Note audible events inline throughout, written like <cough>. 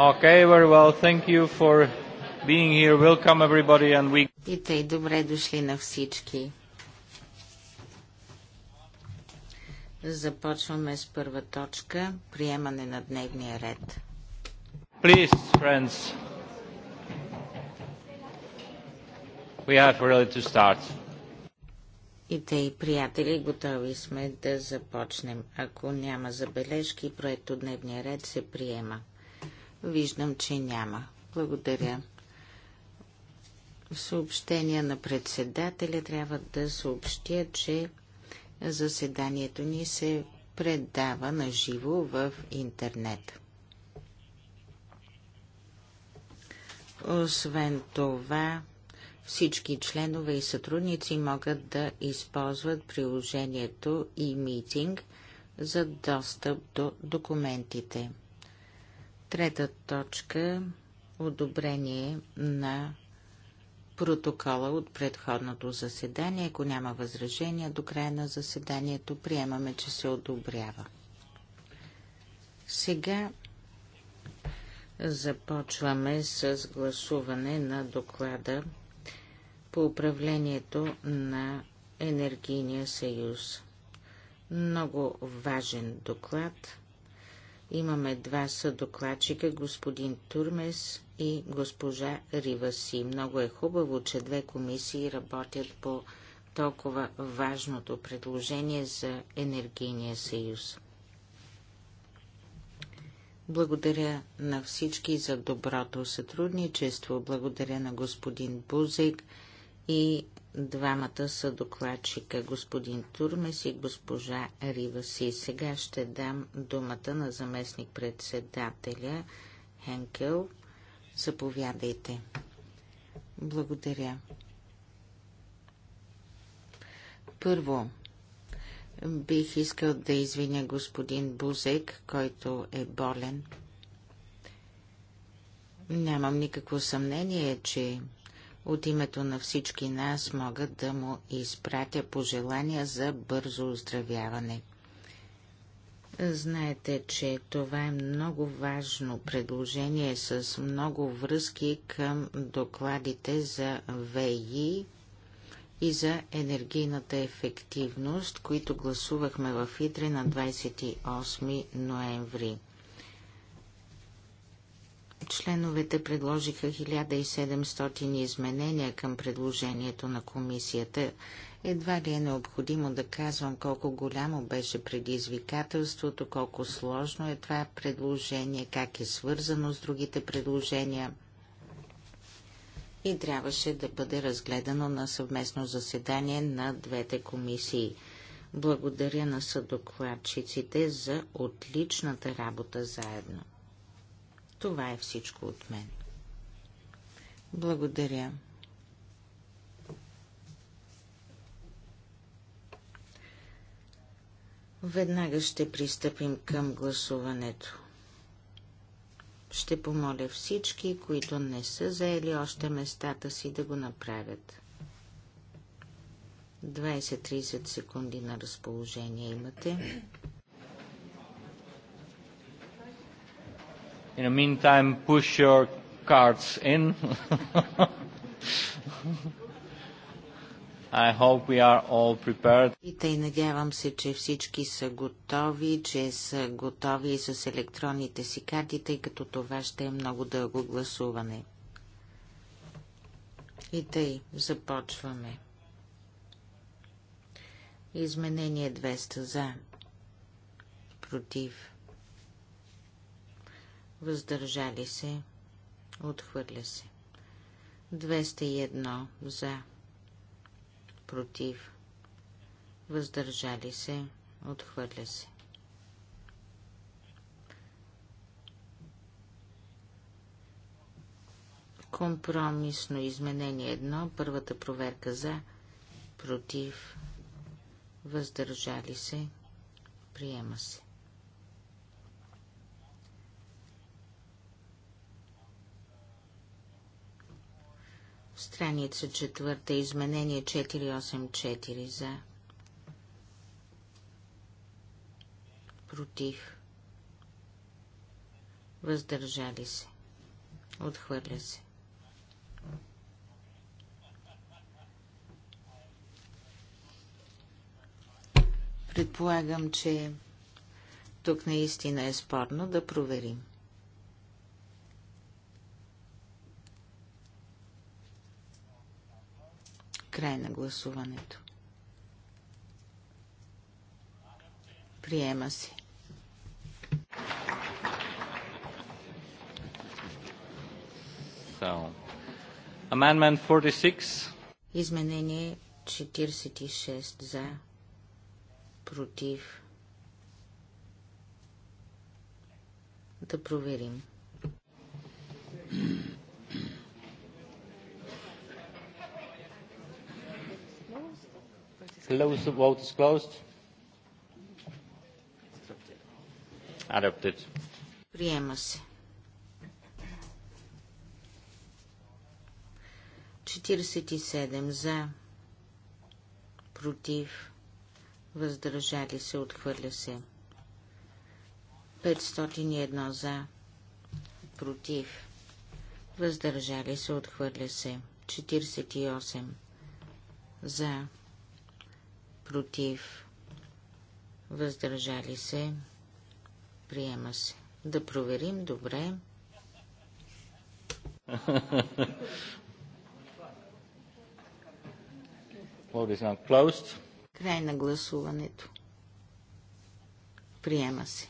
Okay, very well. Thank you for being here. Welcome everybody and we... И добре дошли на всички. Започваме с първа точка – приемане на дневния ред. Please, friends, we have really to start. И те и приятели, готови сме да започнем. Ако няма забележки, проекто дневния ред се приема. Виждам, че няма. Благодаря. Съобщения на председателя трябва да съобщя, че заседанието ни се предава на живо в интернет. Освен това, всички членове и сътрудници могат да използват приложението e-meeting за достъп до документите. Трета точка – одобрение на протокола от предходното заседание. Ако няма възражения, до края на заседанието приемаме, че се одобрява. Сега започваме с гласуване на доклада по управлението на Енергийния съюз. Много важен доклад – Имаме два съдокладчика, господин Турмес и госпожа Риваси. Много е хубаво, че две комисии работят по толкова важното предложение за енергийния съюз. Благодаря на всички за доброто сътрудничество. Благодаря на господин Бузик и двамата са докладчика, господин Турмес и госпожа Риваси. Сега ще дам думата на заместник-председателя Хенкел. Заповядайте. Благодаря. Първо, бих искал да извиня господин Бузек, който е болен. Нямам никакво съмнение, че от името на всички нас мога да му изпратя пожелания за бързо оздравяване. Знаете, че това е много важно предложение с много връзки към докладите за ВИ и за енергийната ефективност, които гласувахме в Идре на 28 ноември. Членовете предложиха 1700 изменения към предложението на комисията. Едва ли е необходимо да казвам колко голямо беше предизвикателството, колко сложно е това предложение, как е свързано с другите предложения и трябваше да бъде разгледано на съвместно заседание на двете комисии. Благодаря на съдокладчиците за отличната работа заедно. Това е всичко от мен. Благодаря. Веднага ще пристъпим към гласуването. Ще помоля всички, които не са заели още местата си, да го направят. 20-30 секунди на разположение имате. In the meantime, push your cards in. <laughs> I hope we are all prepared. И тъй надявам се, че всички са готови, че са готови и с електронните си карти, тъй като това ще е много дълго гласуване. И тъй започваме. Изменение 200 за. Против въздържали се, отхвърля се. 201 за, против, въздържали се, отхвърля се. Компромисно изменение едно, първата проверка за, против, въздържали се, приема се. Страница четвърта, изменение 484 за. Против. Въздържали се. Отхвърля се. Предполагам, че тук наистина е спорно да проверим. Край на гласуването. Приема се. So, amendment 46. Изменение 46 за, против. Да проверим. Close the vote is closed. Adopted. Приема се. 47 за, против, въздържали се, отхвърля се. 501 за, против, въздържали се, отхвърля се. 48 за, против, въздържали се, приема се. Да проверим, добре. Край на гласуването. Приема се.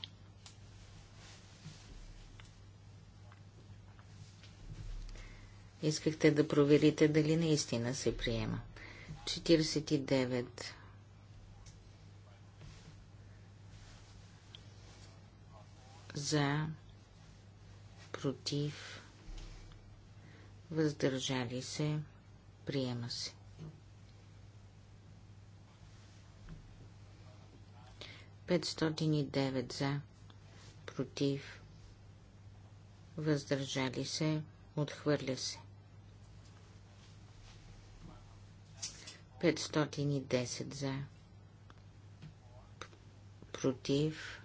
Искахте да проверите дали наистина се приема. 49 за, против, въздържали се, приема се. Петстотин и девет за, против, въздържали се, отхвърля се. 510 за, против,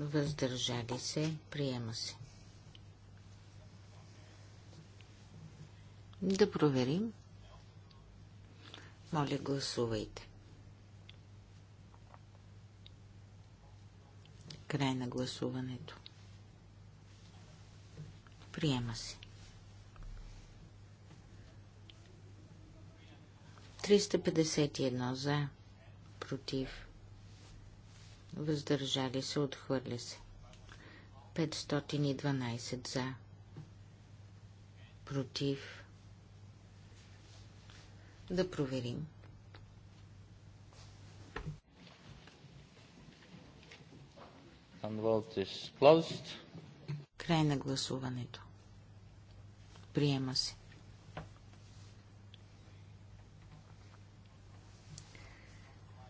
въздържали се, приема се. Да проверим. Моля, гласувайте. Край на гласуването. Приема се. 351 за, против 1 въздържали се, отхвърля се. 512 за, против. Да проверим. Край на гласуването. Приема се.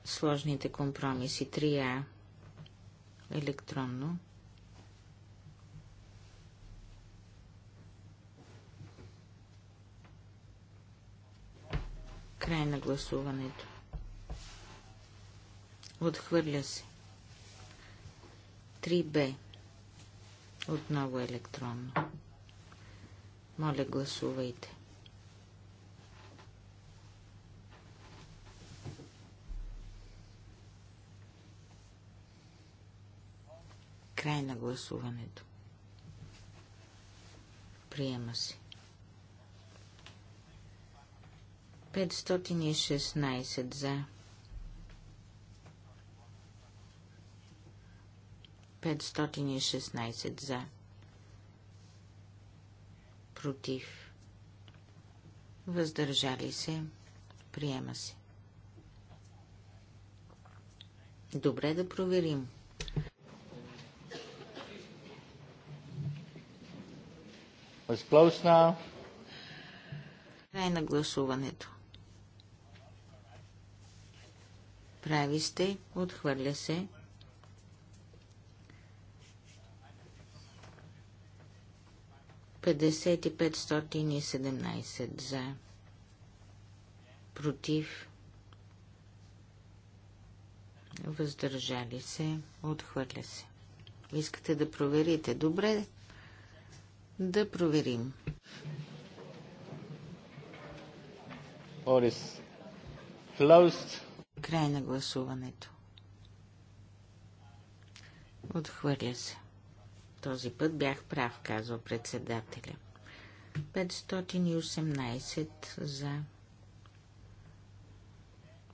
Сложните компромиси 3А електронно. Край на гласуването. Отхвърля се. 3Б. Отново електронно. Моля, гласувайте. Край на гласуването. Приема се. 516 за. 516 за. Против. Въздържали се. Приема се. Добре да проверим. Край на гласуването. Прави сте, отхвърля се. Петдесет и за. Против. Въздържали се, отхвърля се. Искате да проверите. Добре, да проверим. Край на гласуването. Отхвърля се. Този път бях прав, казва председателя. 518 за.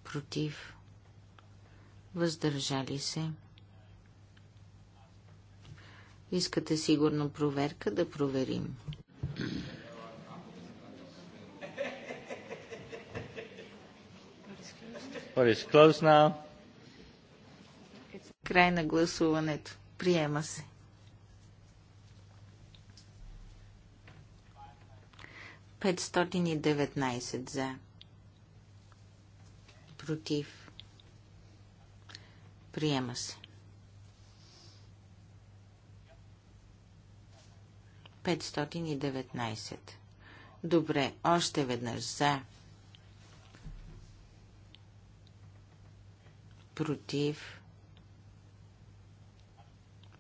Против. Въздържали се. Искате сигурно проверка да проверим. Край на гласуването. Приема се. Петстотин и деветнайсет за. Против. Приема се. 519. Добре, още веднъж за. Против.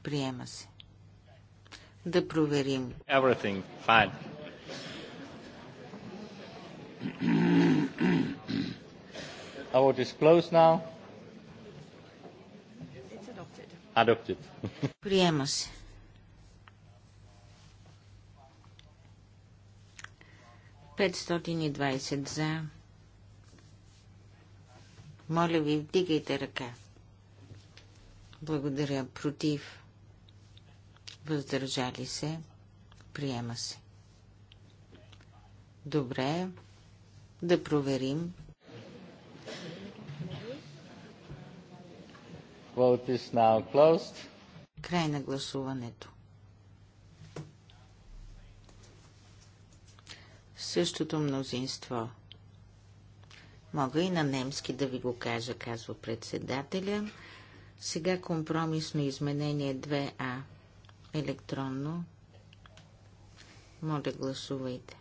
Приема се. Да проверим. Everything fine. I will disclose now. Adopted. Приема се. 520 за. Моля ви, вдигайте ръка. Благодаря. Против. Въздържали се. Приема се. Добре. Да проверим. Край на гласуването. същото мнозинство. Мога и на немски да ви го кажа, казва председателя. Сега компромисно изменение 2А. Електронно. Моля, гласувайте.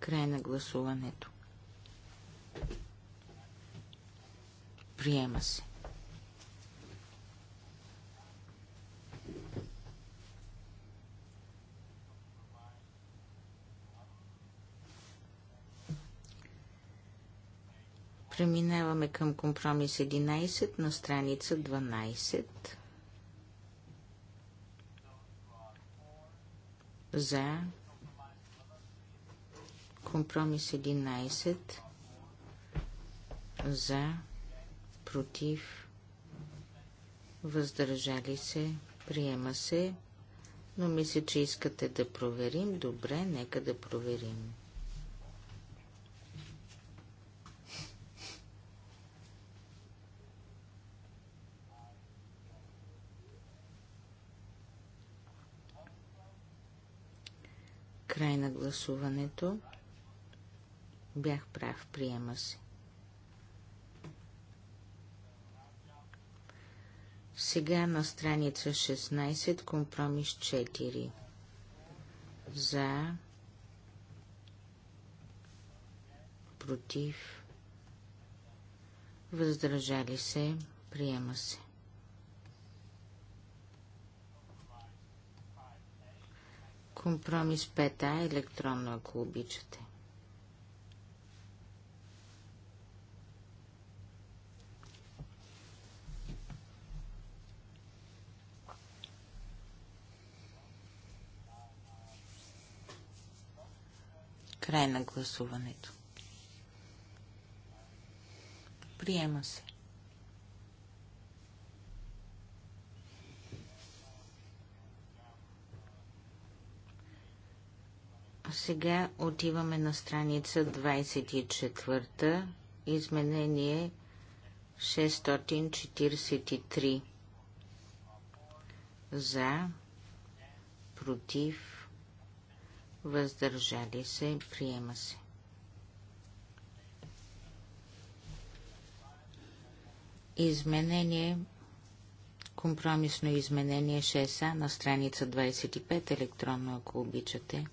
Край на гласуването. Приема се. Преминаваме към компромис 11 на страница 12. За компромис 11 за против въздържали се приема се но мисля, че искате да проверим. Добре, нека да проверим. Край на гласуването. Бях прав, приема се. Сега на страница 16 компромис 4. За, против, въздържали се, приема се. Компромис 5А електронно, ако обичате. Край на гласуването. Приема се. Сега отиваме на страница 24, изменение 643. За, против, въздържали се, приема се. Изменение, компромисно изменение 6А на страница 25, електронно, ако обичате.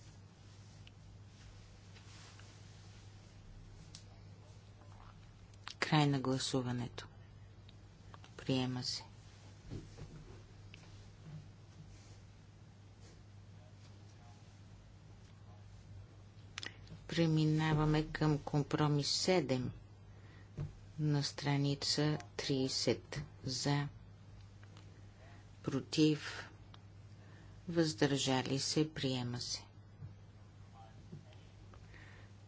Край на гласуването. Приема се. Преминаваме към компромис 7 на страница 30 за против въздържали се приема се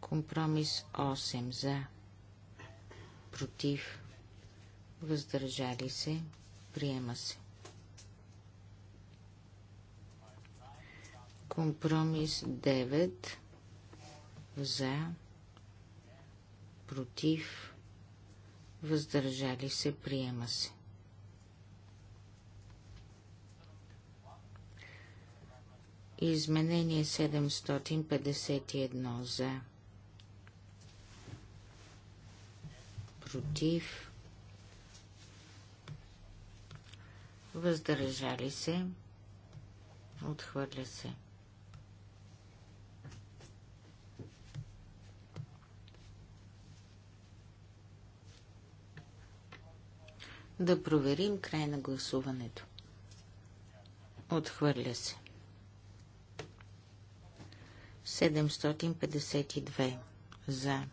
компромис 8 за против, въздържали се, приема се. Компромис 9 за, против, въздържали се, приема се. Изменение 751 за против, въздържали се, отхвърля се. Да проверим край на гласуването. Отхвърля се. 752 за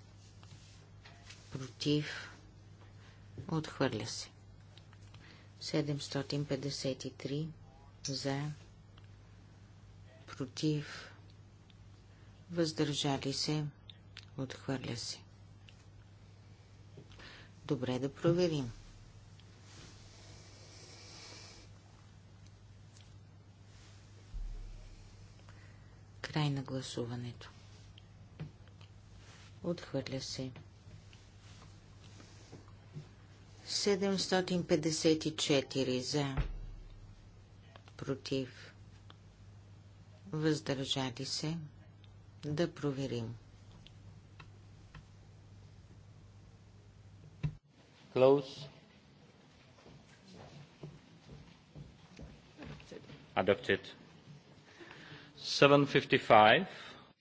против, отхвърля се. 753 за, против, въздържали се, отхвърля се. Добре да проверим. Край на гласуването. Отхвърля се. 754 за, против, въздържали се, да проверим. Close. Adopted. 755.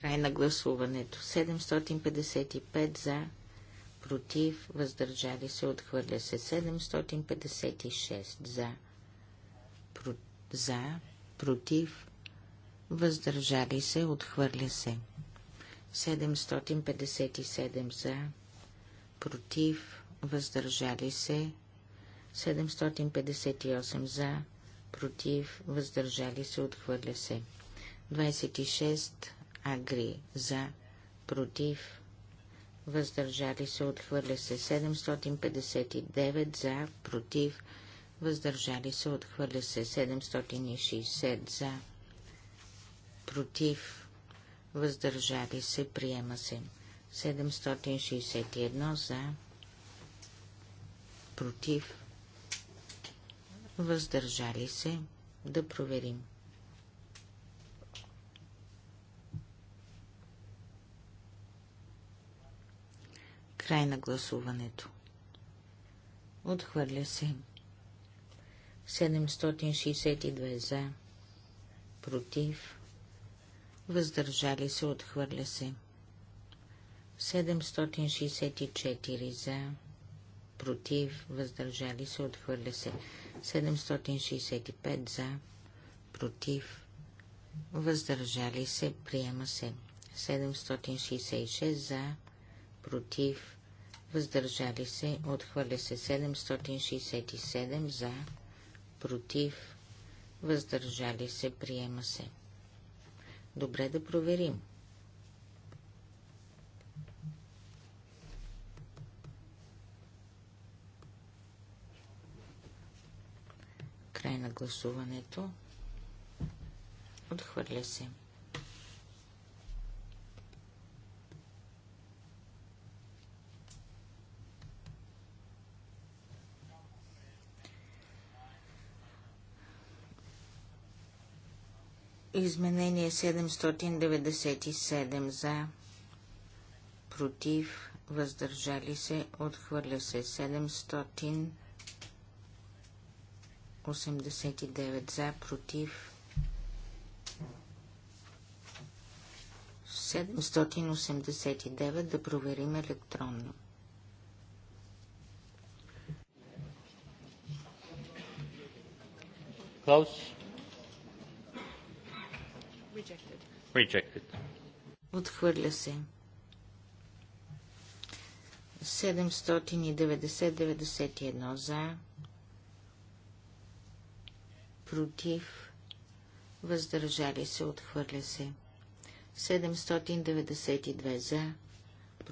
Край на гласуването. 755 за, против, въздържали се, отхвърля се 756 за, про, за, против, въздържали се, отхвърля се 757 за, против, въздържали се 758 за, против, въздържали се, отхвърля се 26 агри за, против, въздържали се, отхвърля се 759 за, против, въздържали се, отхвърля се 760 за, против, въздържали се, приема се 761 за, против, въздържали се, да проверим 761. Край на гласуването. Отхвърля се. 762 за. Против. Въздържали се. Отхвърля се. 764 за. Против. Въздържали се. Отхвърля се. 765 за. Против. Въздържали се. Приема се. 766 за. Против въздържали се, отхвърля се 767 за, против, въздържали се, приема се. Добре да проверим. Край на гласуването. Отхвърля се. Изменение 797 за, против, въздържали се, отхвърля се 789 за, против, 789 да проверим електронно. Close. Rejected. Отхвърля се. 790-91 за, против, въздържали се, отхвърля се. 792 за,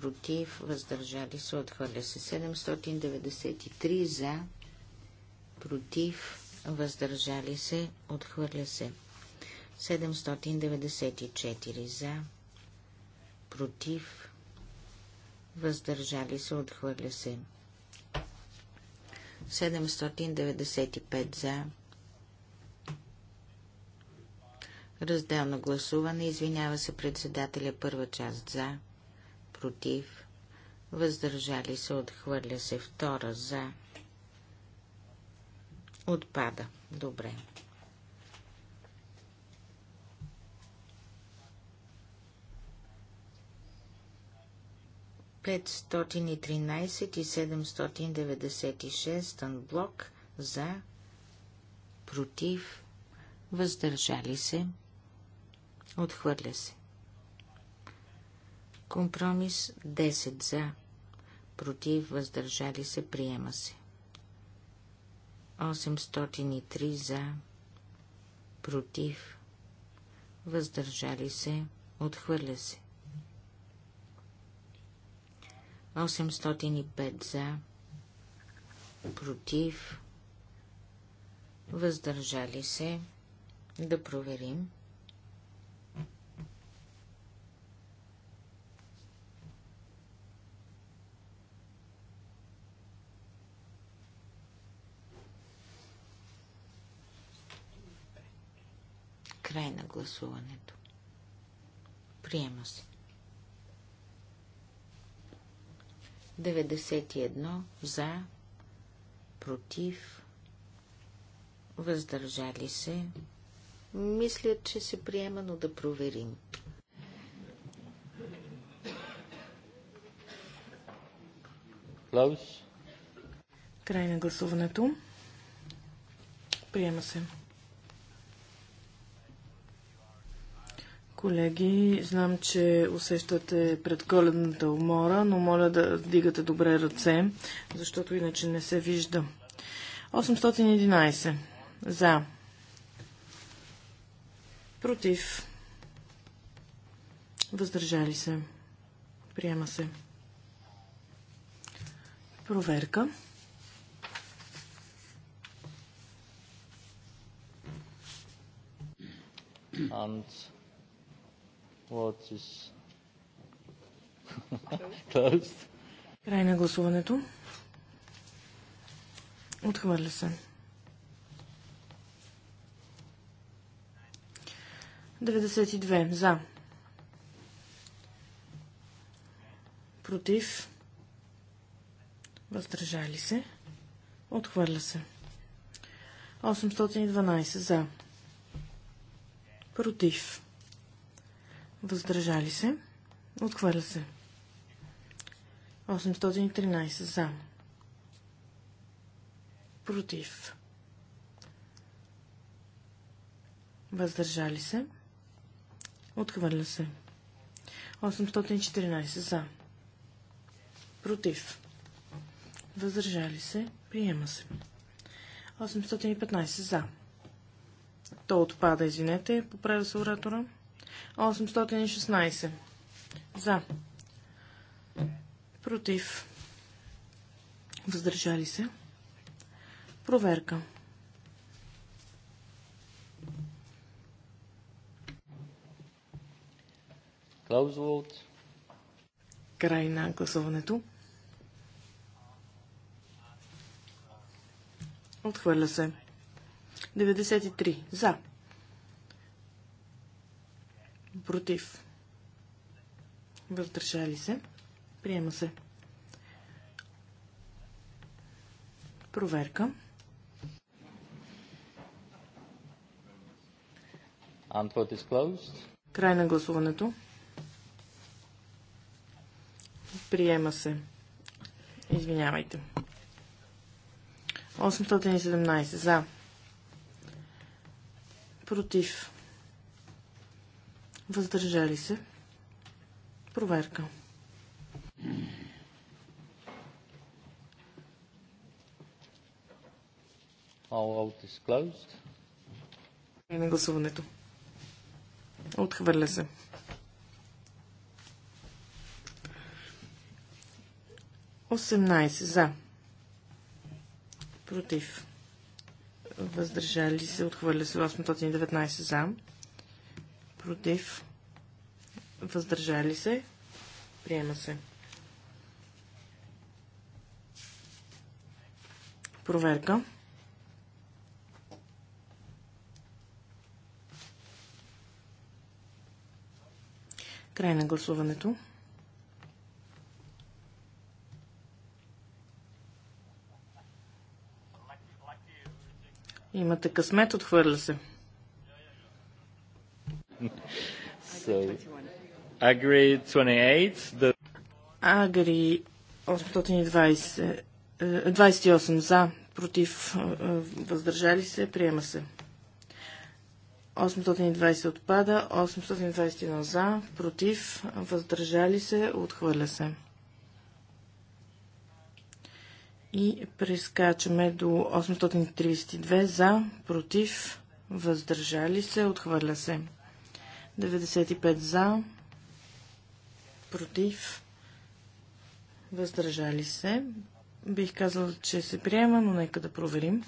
против, въздържали се, отхвърля се. 793 за, против, въздържали се, отхвърля се. 794 за, против, въздържали се, отхвърля се. 795 за. Разделно гласуване. Извинява се председателя първа част за. Против. Въздържали се. Отхвърля се. Втора за. Отпада. Добре. 513 и 796 анблок за, против, въздържали се, отхвърля се. Компромис 10 за, против, въздържали се, приема се. 803 за, против, въздържали се, отхвърля се. 805 за, против, въздържали се, да проверим. Край на гласуването. Приема се. 91 за, против, въздържали се. Мисля, че се приема, но да проверим. Край на гласуването. Приема се. Колеги, знам, че усещате предколедната умора, но моля да вдигате добре ръце, защото иначе не се вижда. 811. За. Против. Въздържали се. Приема се. Проверка. And What is... Closed. <laughs> Край на гласуването. Отхвърля се. 92 за. Против. Въздържали се. Отхвърля се. 812 за. Против. Въздържали се. Отхвърля се. 813 за. Против. Въздържали се. Отхвърля се. 814 за. Против. Въздържали се. Приема се. 815 за. То отпада, извинете, поправя се оратора. 816. За. Против. Въздържали се. Проверка. Клаузволт. Край на гласуването. Отхвърля се. 93. За. Против. Въздържали се. Приема се. Проверка. Antwort is closed. Край на гласуването. Приема се. Извинявайте. 817 за. Против. Въздържали се. Проверка. И на гласуването. Отхвърля се. Осемнайсе за. Против. Въздържали се. Отхвърля се. 819 за против, въздържали се, приема се. Проверка. Край на гласуването. Имате късмет, отхвърля се so, <laughs> Agri 28. The... Агри 820, 28 е, за, против, е, е, въздържали се, приема се. 820 отпада, 821 за, против, въздържали се, отхвърля се. И прескачаме до 832 за, против, въздържали се, отхвърля се. 95 за, против, въздържали се. Бих казал, че се приема, но нека да проверим.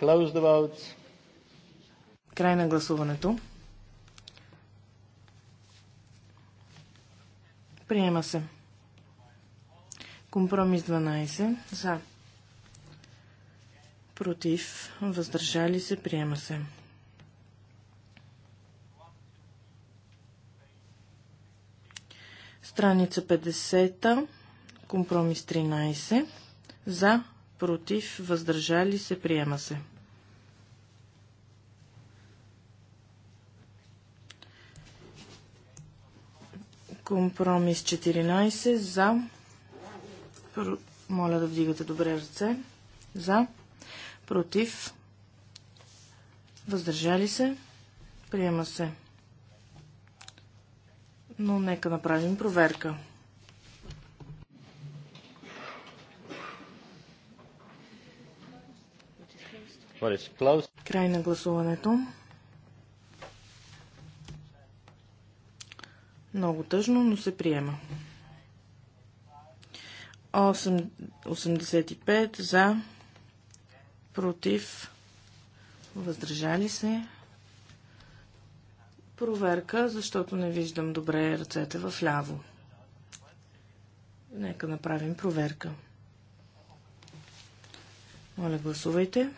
Close the votes. Край на гласуването. Приема се. Компромис 12. За против, въздържали се, приема се. Страница 50, компромис 13, за, против, въздържали се, приема се. Компромис 14, за, моля да вдигате добре ръце, за, против, въздържали се, приема се. Но нека направим проверка. Край на гласуването. Много тъжно, но се приема. 8, 85 за против, въздържали се. Проверка, защото не виждам добре ръцете в ляво. Нека направим проверка. Моля, гласувайте.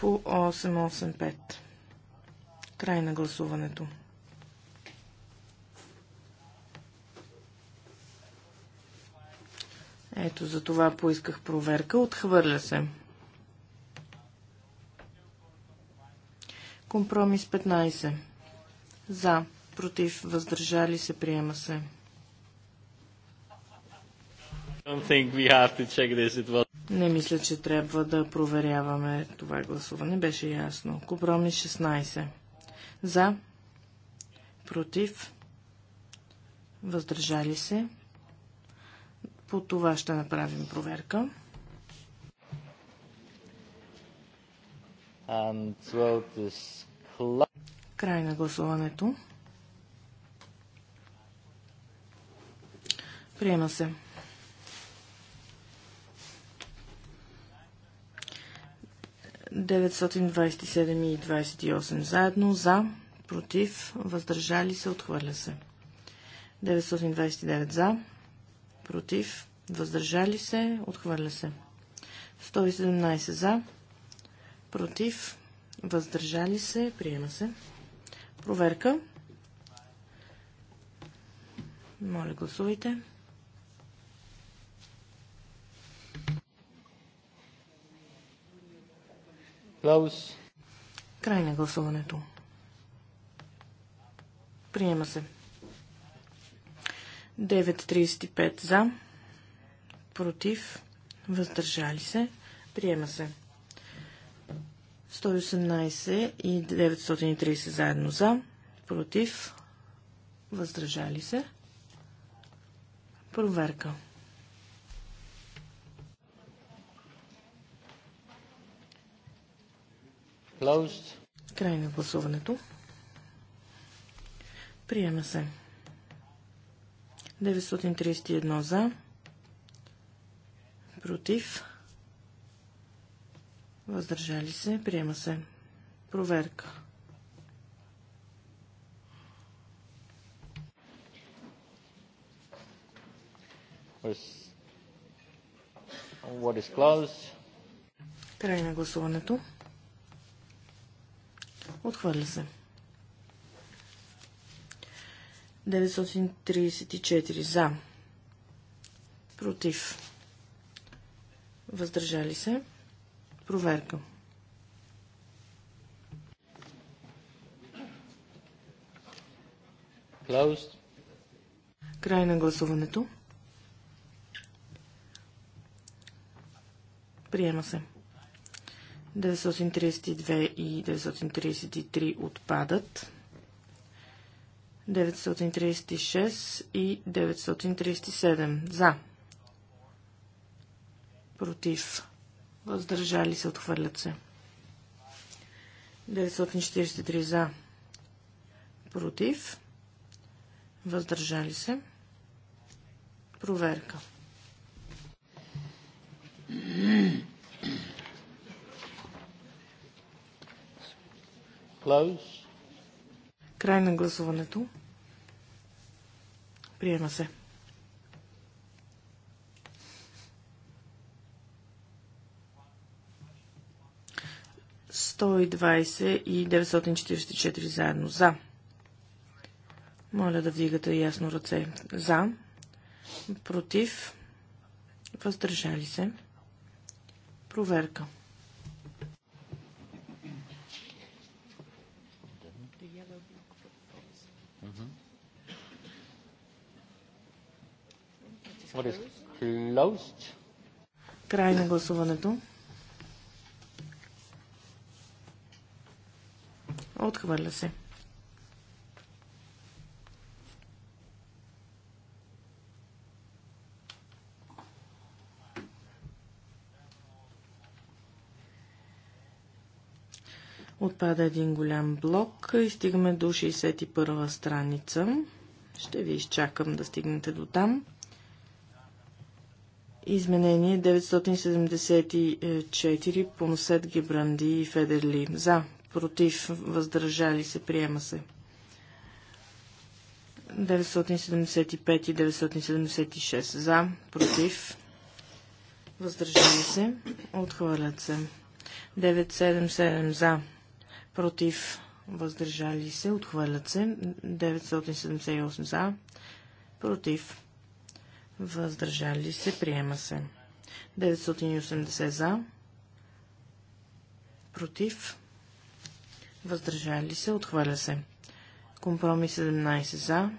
По 885. Край на гласуването. Ето за това поисках проверка. Отхвърля се. Компромис 15. За. Против. Въздържали се. Приема се. Не мисля, че трябва да проверяваме това гласуване. Беше ясно. Компромис 16. За. Против. Въздържали се. По това ще направим проверка. Край на гласуването. Приема се. и 28 заедно за, против, въздържали се, отхвърля се. 929 за, против, въздържали се, отхвърля се. 117 за, против, въздържали се, приема се. Проверка. Моля, гласувайте. Клаус. Край на гласуването. Приема се. 9.35 за, против, въздържали се, приема се. 118 и 930 заедно за, против, въздържали се. Проверка. Closed. Край на гласуването. Приема се. 931 за. Против. Въздържали се. Приема се. Проверка. Край на гласуването. Отхвърля се. 934 за. Против. Въздържали се. Проверка. Closed. Край на гласуването. Приема се. 932 и 933 отпадат. 936 и 937. За. Против. Въздържали се. Отхвърлят се. 943 за. Против. Въздържали се. Проверка. Close. Край на гласуването. Приема се. и 944 заедно. За. Моля да вдигате ясно ръце. За. Против. Въздържали се. Проверка. 1. Край на гласуването. Отхвърля се. Отпада един голям блок и стигаме до 61-а страница. Ще ви изчакам да стигнете до там. Изменение 974 по Носет Гебранди и Федерли. За. Против. Въздържали се. Приема се. 975 и 976. За. Против. Въздържали се. Отхвърлят се. 977 за. Против. Въздържали се. Отхвърлят се. 978 за. Против въздържали се, приема се. 980 за, против, въздържали се, отхвърля се. Компромис 17 за,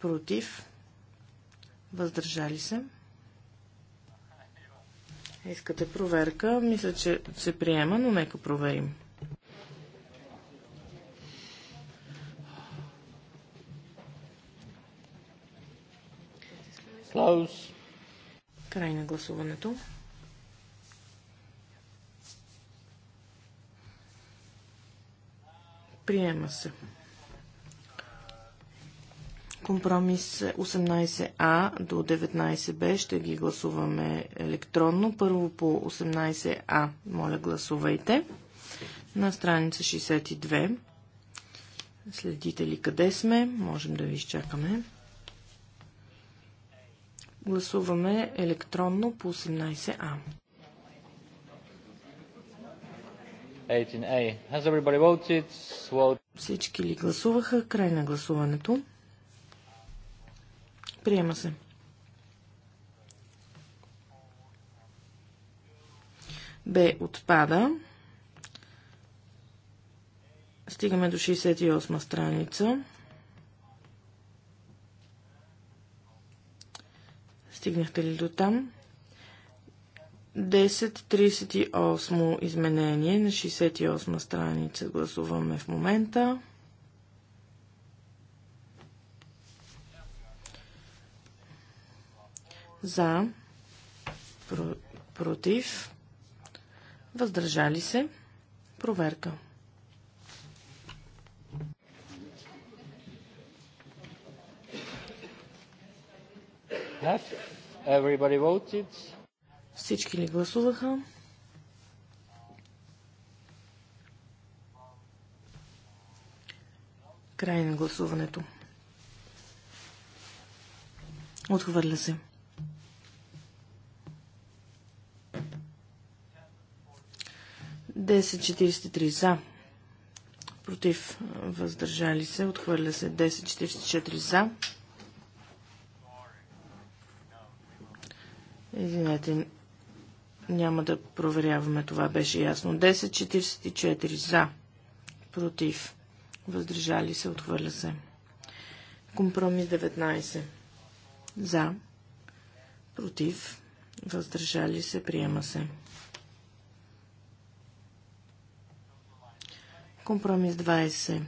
против, въздържали се. Искате проверка? Мисля, че се приема, но нека проверим. Close. Край на гласуването. Приема се. Компромис 18А до 19Б ще ги гласуваме електронно. Първо по 18А. Моля, гласувайте. На страница 62. Следите ли къде сме? Можем да ви изчакаме. Гласуваме електронно по 18А. 18A. Has everybody voted? Всички ли гласуваха? Край на гласуването. Приема се. Б отпада. Стигаме до 68 страница. Стигнахте ли до там? 10.38 изменение на 68 страница гласуваме в момента. За. Про, против. Въздържали се. Проверка. Have Everybody voted. Всички ли гласуваха? Край на гласуването. Отхвърля се. Десет 10.43 за. Против. Въздържали се. Отхвърля се. Десет 10.44 за. Извинете, няма да проверяваме, това беше ясно. 10.44 за, против, въздържали се, отхвърля се. Компромис 19 за, против, въздържали се, приема се. Компромис 20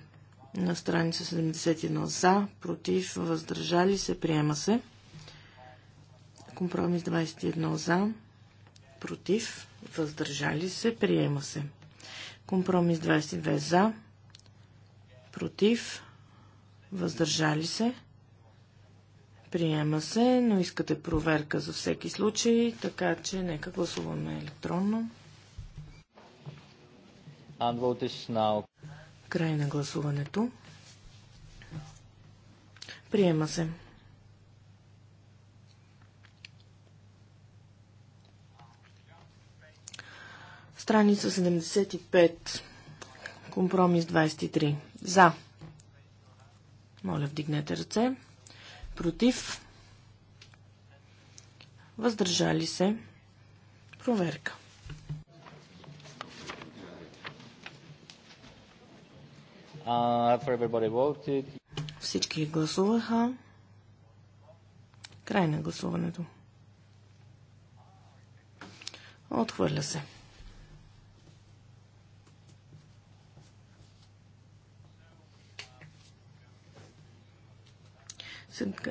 на страница 71 за, против, въздържали се, приема се. Компромис 21 за, против, въздържали се, приема се. Компромис 22 за, против, въздържали се, приема се, но искате проверка за всеки случай, така че нека гласуваме електронно. Край на гласуването. Приема се. страница 75, компромис 23. За. Моля, вдигнете ръце. Против. Въздържали се. Проверка. Uh, Всички гласуваха. Край на гласуването. Отхвърля се.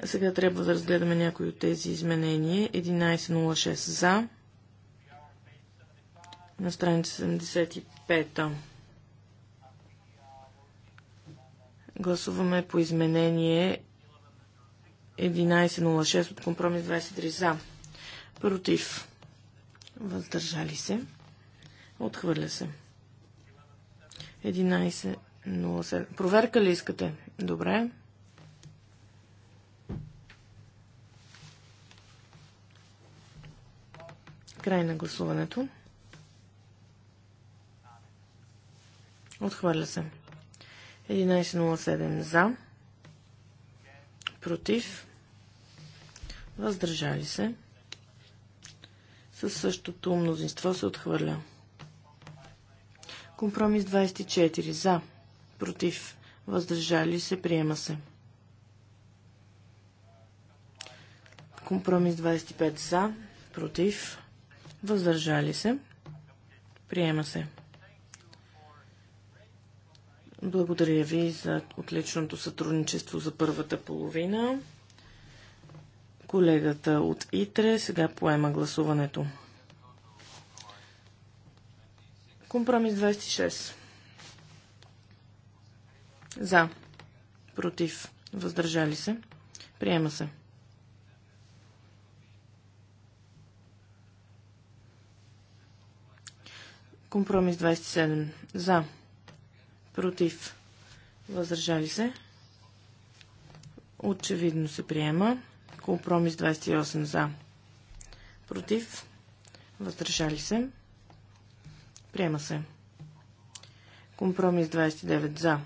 Сега трябва да разгледаме някои от тези изменения. 11.06 за. На страница 75. Гласуваме по изменение 11.06 от компромис 23 за. Против. Въздържали се. Отхвърля се. 11.07. Проверка ли искате? Добре. Край на гласуването. Отхвърля се. 11.07 за. Против. Въздържали се. Със същото мнозинство се отхвърля. Компромис 24 за. Против. Въздържали се. Приема се. Компромис 25 за. Против. Въздържали се. Приема се. Благодаря ви за отличното сътрудничество за първата половина. Колегата от ИТРЕ сега поема гласуването. Компромис 26. За. Против. Въздържали се. Приема се. Компромис 27. За. Против. Въздържали се. Очевидно се приема. Компромис 28. За. Против. Въздържали се. Приема се. Компромис 29. За.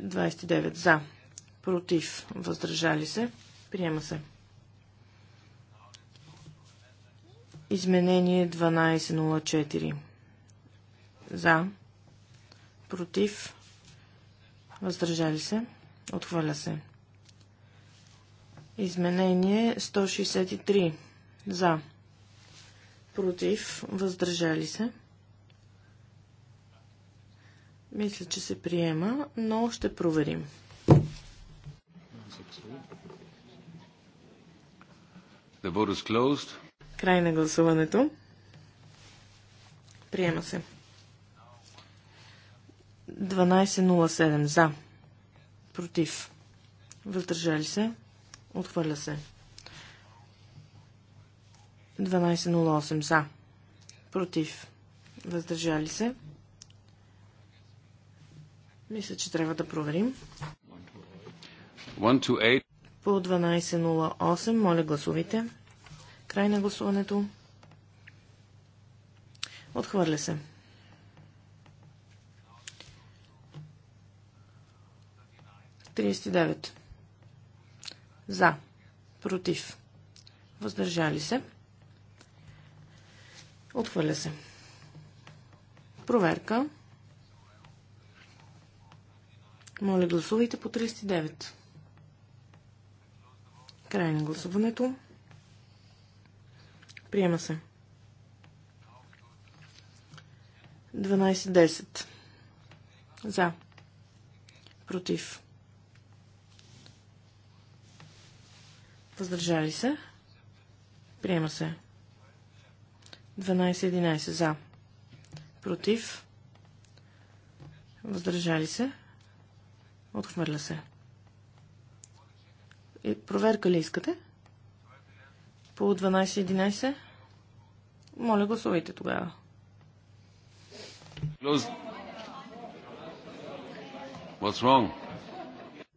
29. За. Против. Въздържали се. Приема се. Изменение 1204. За. Против. Въздържали се. Отхвърля се. Изменение 163. За. Против. Въздържали се. Мисля, че се приема, но ще проверим. The vote is closed. Край на гласуването. Приема се. 12.07 за. Против. Въздържали се. Отхвърля се. 12.08 за. Против. Въздържали се. Мисля, че трябва да проверим. По 12.08, моля гласувайте. Край на гласуването. Отхвърля се. За. Против. Въздържали се. Отхвърля се. Проверка. Моля, гласувайте по 39. Край на гласуването. Приема се. 12-10. За. Против. Въздържали се. Приема се. 12-11. За. Против. Въздържали се. Отхвърля се. И е, проверка ли искате? 12 по 12-11? Моля, гласувайте тогава.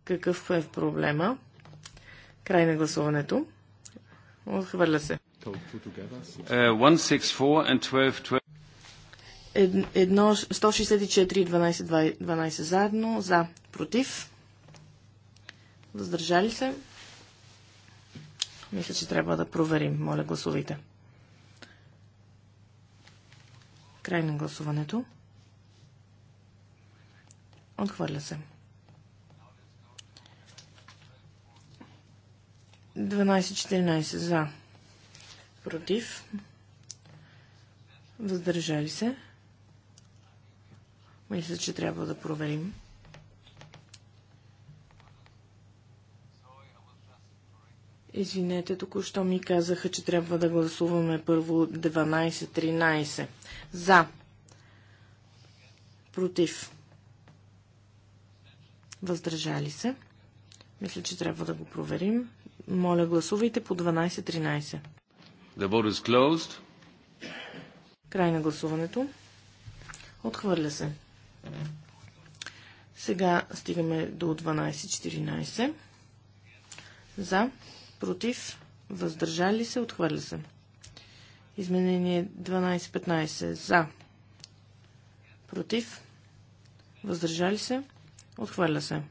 Какъв е проблема? Край на гласуването. Отхвърля се. 164 uh, и 12, 12 заедно. За. Против. Въздържали се. Мисля, че трябва да проверим. Моля, гласувайте. Край на гласуването. Отхвърля се. 12-14 за. Против. Въздържали се. Мисля, че трябва да проверим. Извинете, току-що ми казаха, че трябва да гласуваме първо 12-13. За. Против. Въздържали се. Мисля, че трябва да го проверим. Моля, гласувайте по 12-13. The vote is closed. Край на гласуването. Отхвърля се. Сега стигаме до 12.14. За против, въздържали се, отхвърля се. Изменение 12-15 за, против, въздържали се, отхвърля се.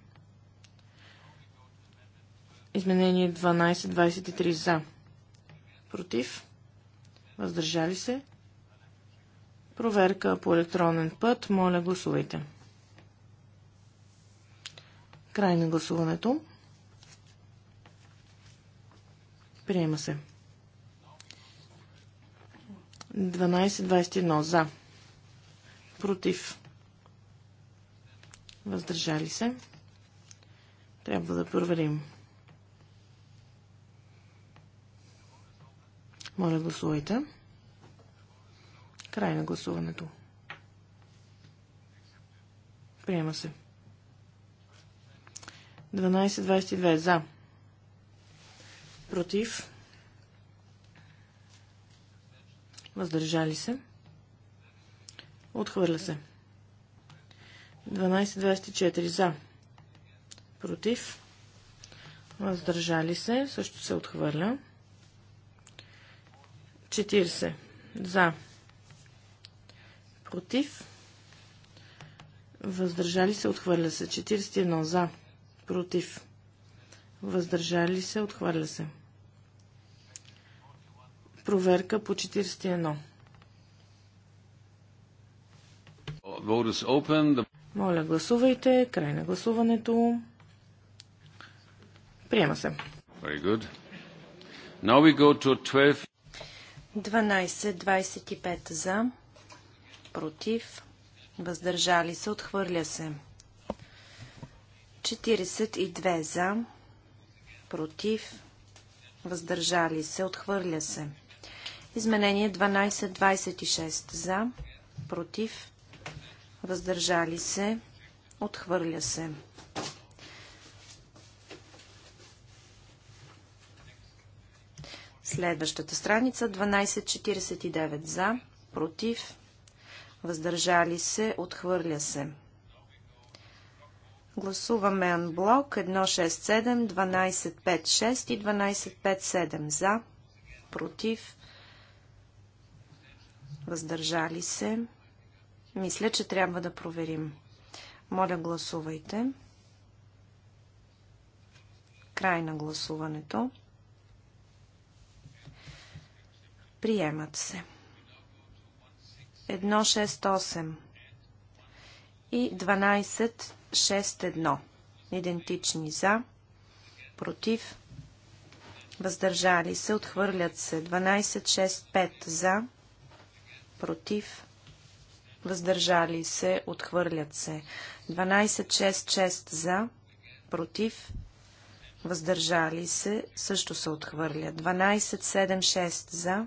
Изменение 12-23 за, против, въздържали се. Проверка по електронен път. Моля, гласувайте. Край на гласуването. Приема се. 12-21 за. Против. Въздържали се. Трябва да проверим. Моля, гласувайте. Край на гласуването. Приема се. 12-22 за. Против. Въздържали се. Отхвърля се. 12.24 за. Против. Въздържали се. Също се отхвърля. 40 за. Против. Въздържали се. Отхвърля се. 41 за. Против. Въздържали се. Отхвърля се. 42. Проверка по 41. Моля, гласувайте. Край на гласуването. Приема се. 12-25 за, против, въздържали се, отхвърля се. 42 за, против, въздържали се, отхвърля се. Изменение 1226 за, против, въздържали се, отхвърля се. Следващата страница 1249 за, против, въздържали се, отхвърля се. Гласуваме анблок 167, 1256 и 1257 за, против, въздържали се. Мисля, че трябва да проверим. Моля, гласувайте. Край на гласуването. Приемат се. 168 и 1261. Идентични за, против, въздържали се, отхвърлят се. 1265 за, против, въздържали се, отхвърлят се. 12-6-6 за, против, въздържали се, също се отхвърля. 12-7-6 за,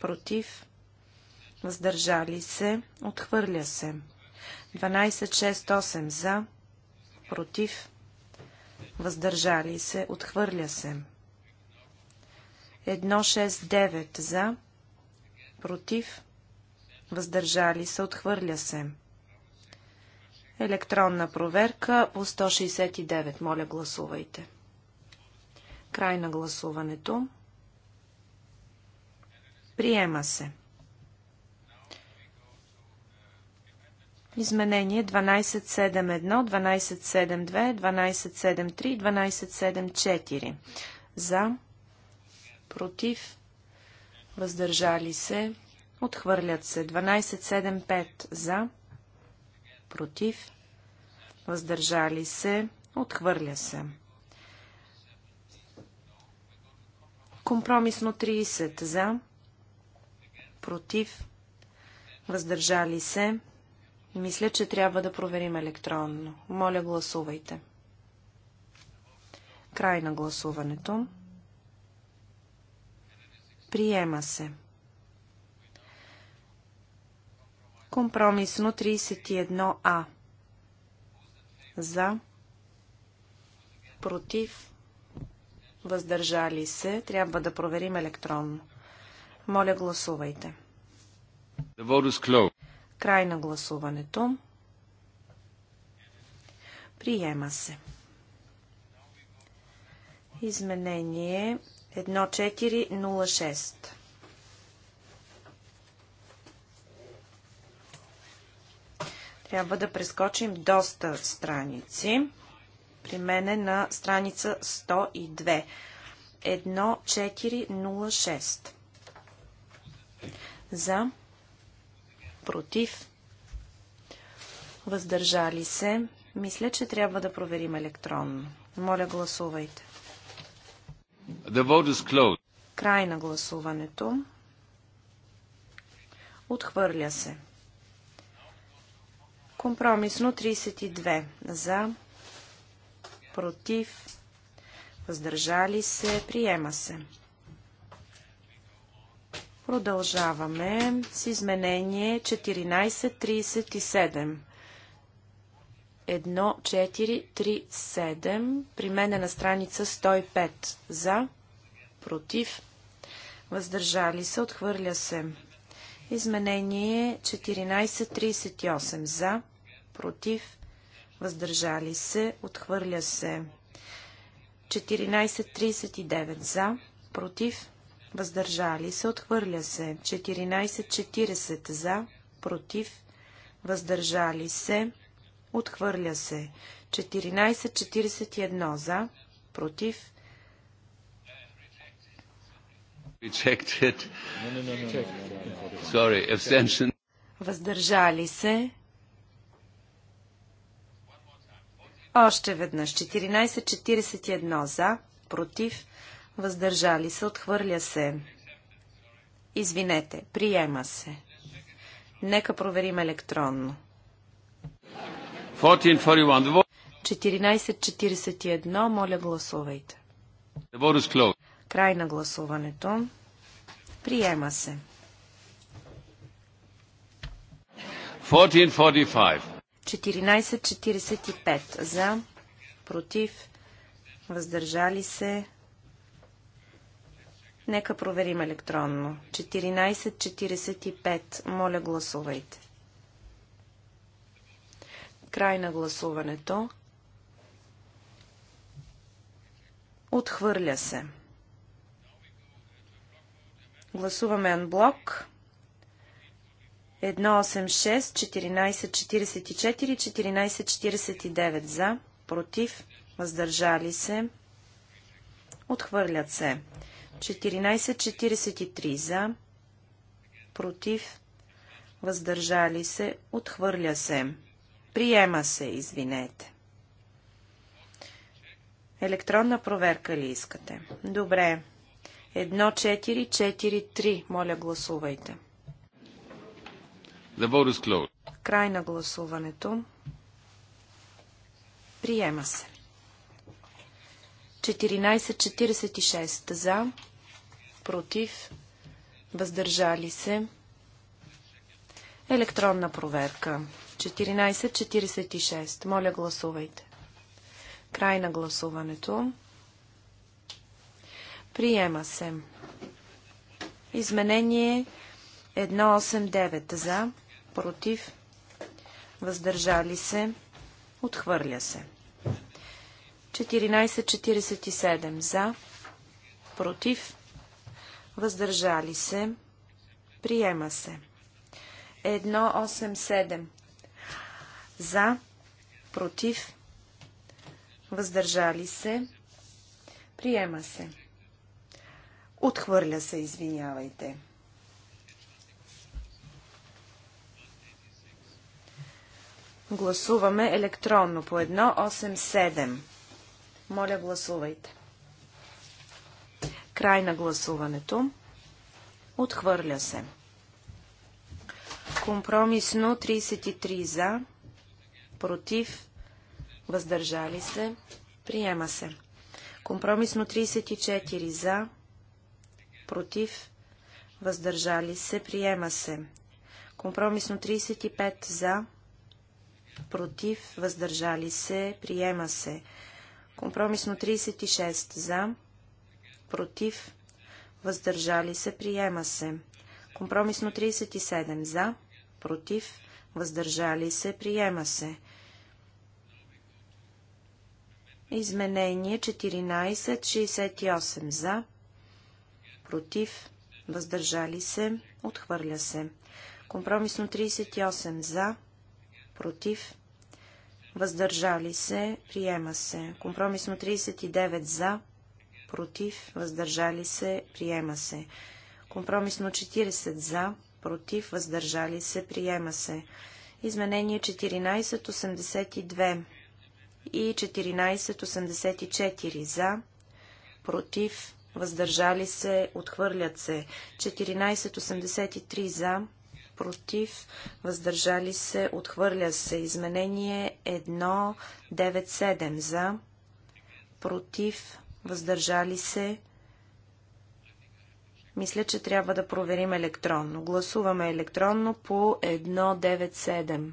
против, въздържали се, отхвърля се. 12-6-8 за, против, въздържали се, отхвърля се. 1-6-9 за, против, против, въздържали се, отхвърля се. Електронна проверка по 169. Моля, гласувайте. Край на гласуването. Приема се. Изменение 1271, 1272, 1273, 1274. За, против, въздържали се, отхвърлят се. 12.7.5 за, против, въздържали се, отхвърля се. Компромисно 30 за, против, въздържали се. Мисля, че трябва да проверим електронно. Моля, гласувайте. Край на гласуването. Приема се. Компромисно 31А. За. Против. Въздържали се. Трябва да проверим електронно. Моля, гласувайте. Край на гласуването. Приема се. Изменение 1406. Трябва да прескочим доста страници. При мен е на страница 102. 1406. За. Против. Въздържали се. Мисля, че трябва да проверим електронно. Моля, гласувайте. The vote is closed. Край на гласуването. Отхвърля се. Компромисно 32. За. Против. Въздържали се. Приема се. Продължаваме с изменение 1437. 1437. При мен е на страница 105. За, против, въздържали се, отхвърля се. Изменение 1438. За, против, въздържали се, отхвърля се. 1439. За, против, въздържали се, отхвърля се. 1440. За, против, въздържали се, Отхвърля се. 14.41 за. Против. Въздържали се. Още веднъж. 14.41 за. Против. Въздържали се. Отхвърля се. Извинете. Приема се. Нека проверим електронно. 14.41 14.41. Моля, гласувайте. Край на гласуването. Приема се. 14.45. За, против, въздържали се. Нека проверим електронно. 14.45. Моля, гласувайте. Край на гласуването. Отхвърля се. Гласуваме анблок. 186, 1444, 1449 за, против, въздържали се, отхвърлят се. 1443 за, против, въздържали се, отхвърля се. Приема се, извинете. Електронна проверка ли искате? Добре. 1443. Моля, гласувайте. The vote is closed. Край на гласуването. Приема се. 1446 за, против, въздържали се. Електронна проверка. 14.46. Моля, гласувайте. Край на гласуването. Приема се. Изменение 189 за, против, въздържали се, отхвърля се. 14.47 за, против, въздържали се, приема се. 187 за, против, въздържали се, приема се. Отхвърля се, извинявайте. Гласуваме електронно по 187. Моля, гласувайте. Край на гласуването. Отхвърля се. Компромисно 33 за, против, въздържали се, приема се. Компромисно 34 за, против, въздържали се, приема се. Компромисно 35 за, против, въздържали се, приема се. Компромисно 36 за, против, въздържали се, приема се. Компромисно 37 за, против, въздържали се, приема се. Изменение 1468 за, против, въздържали се, отхвърля се. Компромисно 38 за, против, въздържали се, приема се. Компромисно 39 за, против, въздържали се, приема се. Компромисно 40 за, против, въздържали се, приема се. Изменение 1482 и 1484 за, против, въздържали се, отхвърлят се. 1483 за, против, въздържали се, отхвърля се. Изменение 197 за, против, въздържали се, мисля, че трябва да проверим електронно. Гласуваме електронно по 197.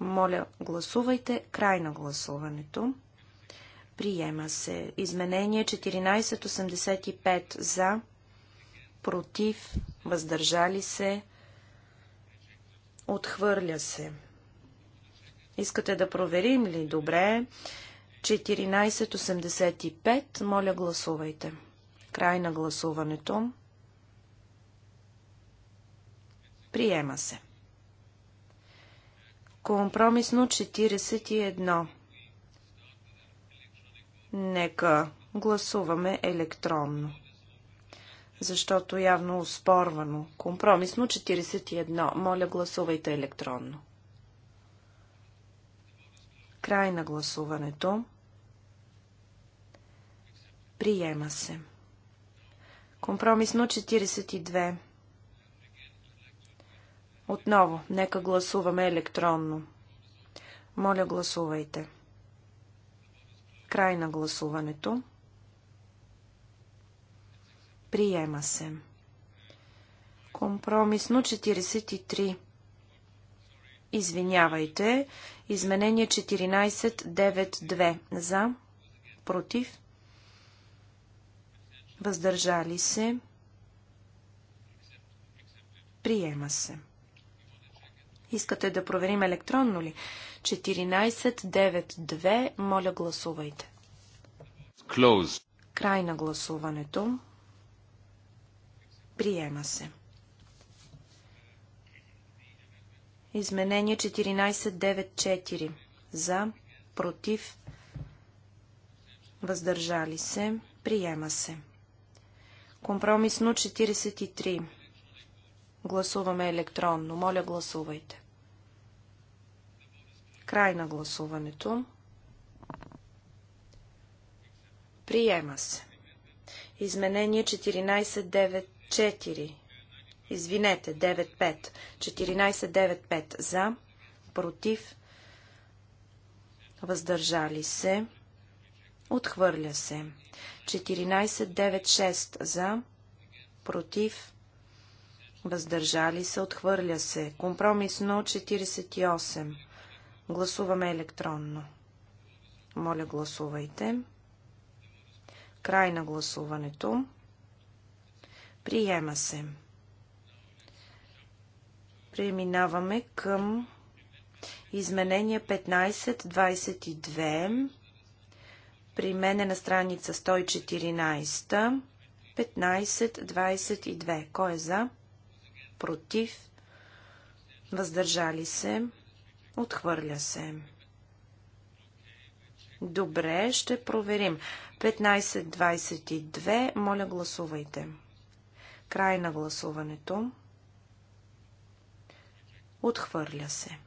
Моля, гласувайте край на гласуването. Приема се. Изменение 1485 за, против, въздържали се, отхвърля се. Искате да проверим ли? Добре. 1485. Моля, гласувайте. Край на гласуването. Приема се. Компромисно 41. Нека гласуваме електронно. Защото явно успорвано. Компромисно 41. Моля, гласувайте електронно. Край на гласуването. Приема се. Компромисно 42. Отново, нека гласуваме електронно. Моля, гласувайте. Край на гласуването. Приема се. Компромисно 43. Извинявайте. Изменение 1492. За. Против въздържали се, приема се. Искате да проверим електронно ли? 1492, моля гласувайте. Close. Край на гласуването. Приема се. Изменение 1494. За, против, въздържали се, приема се. Компромисно 43. Гласуваме електронно. Моля, гласувайте. Край на гласуването. Приема се. Изменение 1494. Извинете, 95. 1495 за, против, въздържали се, Отхвърля се. 14.9.6 за, против, въздържали се, отхвърля се. Компромисно 48. Гласуваме електронно. Моля, гласувайте. Край на гласуването. Приема се. Преминаваме към изменение 15.22 при мен е на страница 114, 15-22. Кой е за? Против? Въздържали се? Отхвърля се. Добре, ще проверим. 15-22, моля гласувайте. Край на гласуването. Отхвърля се.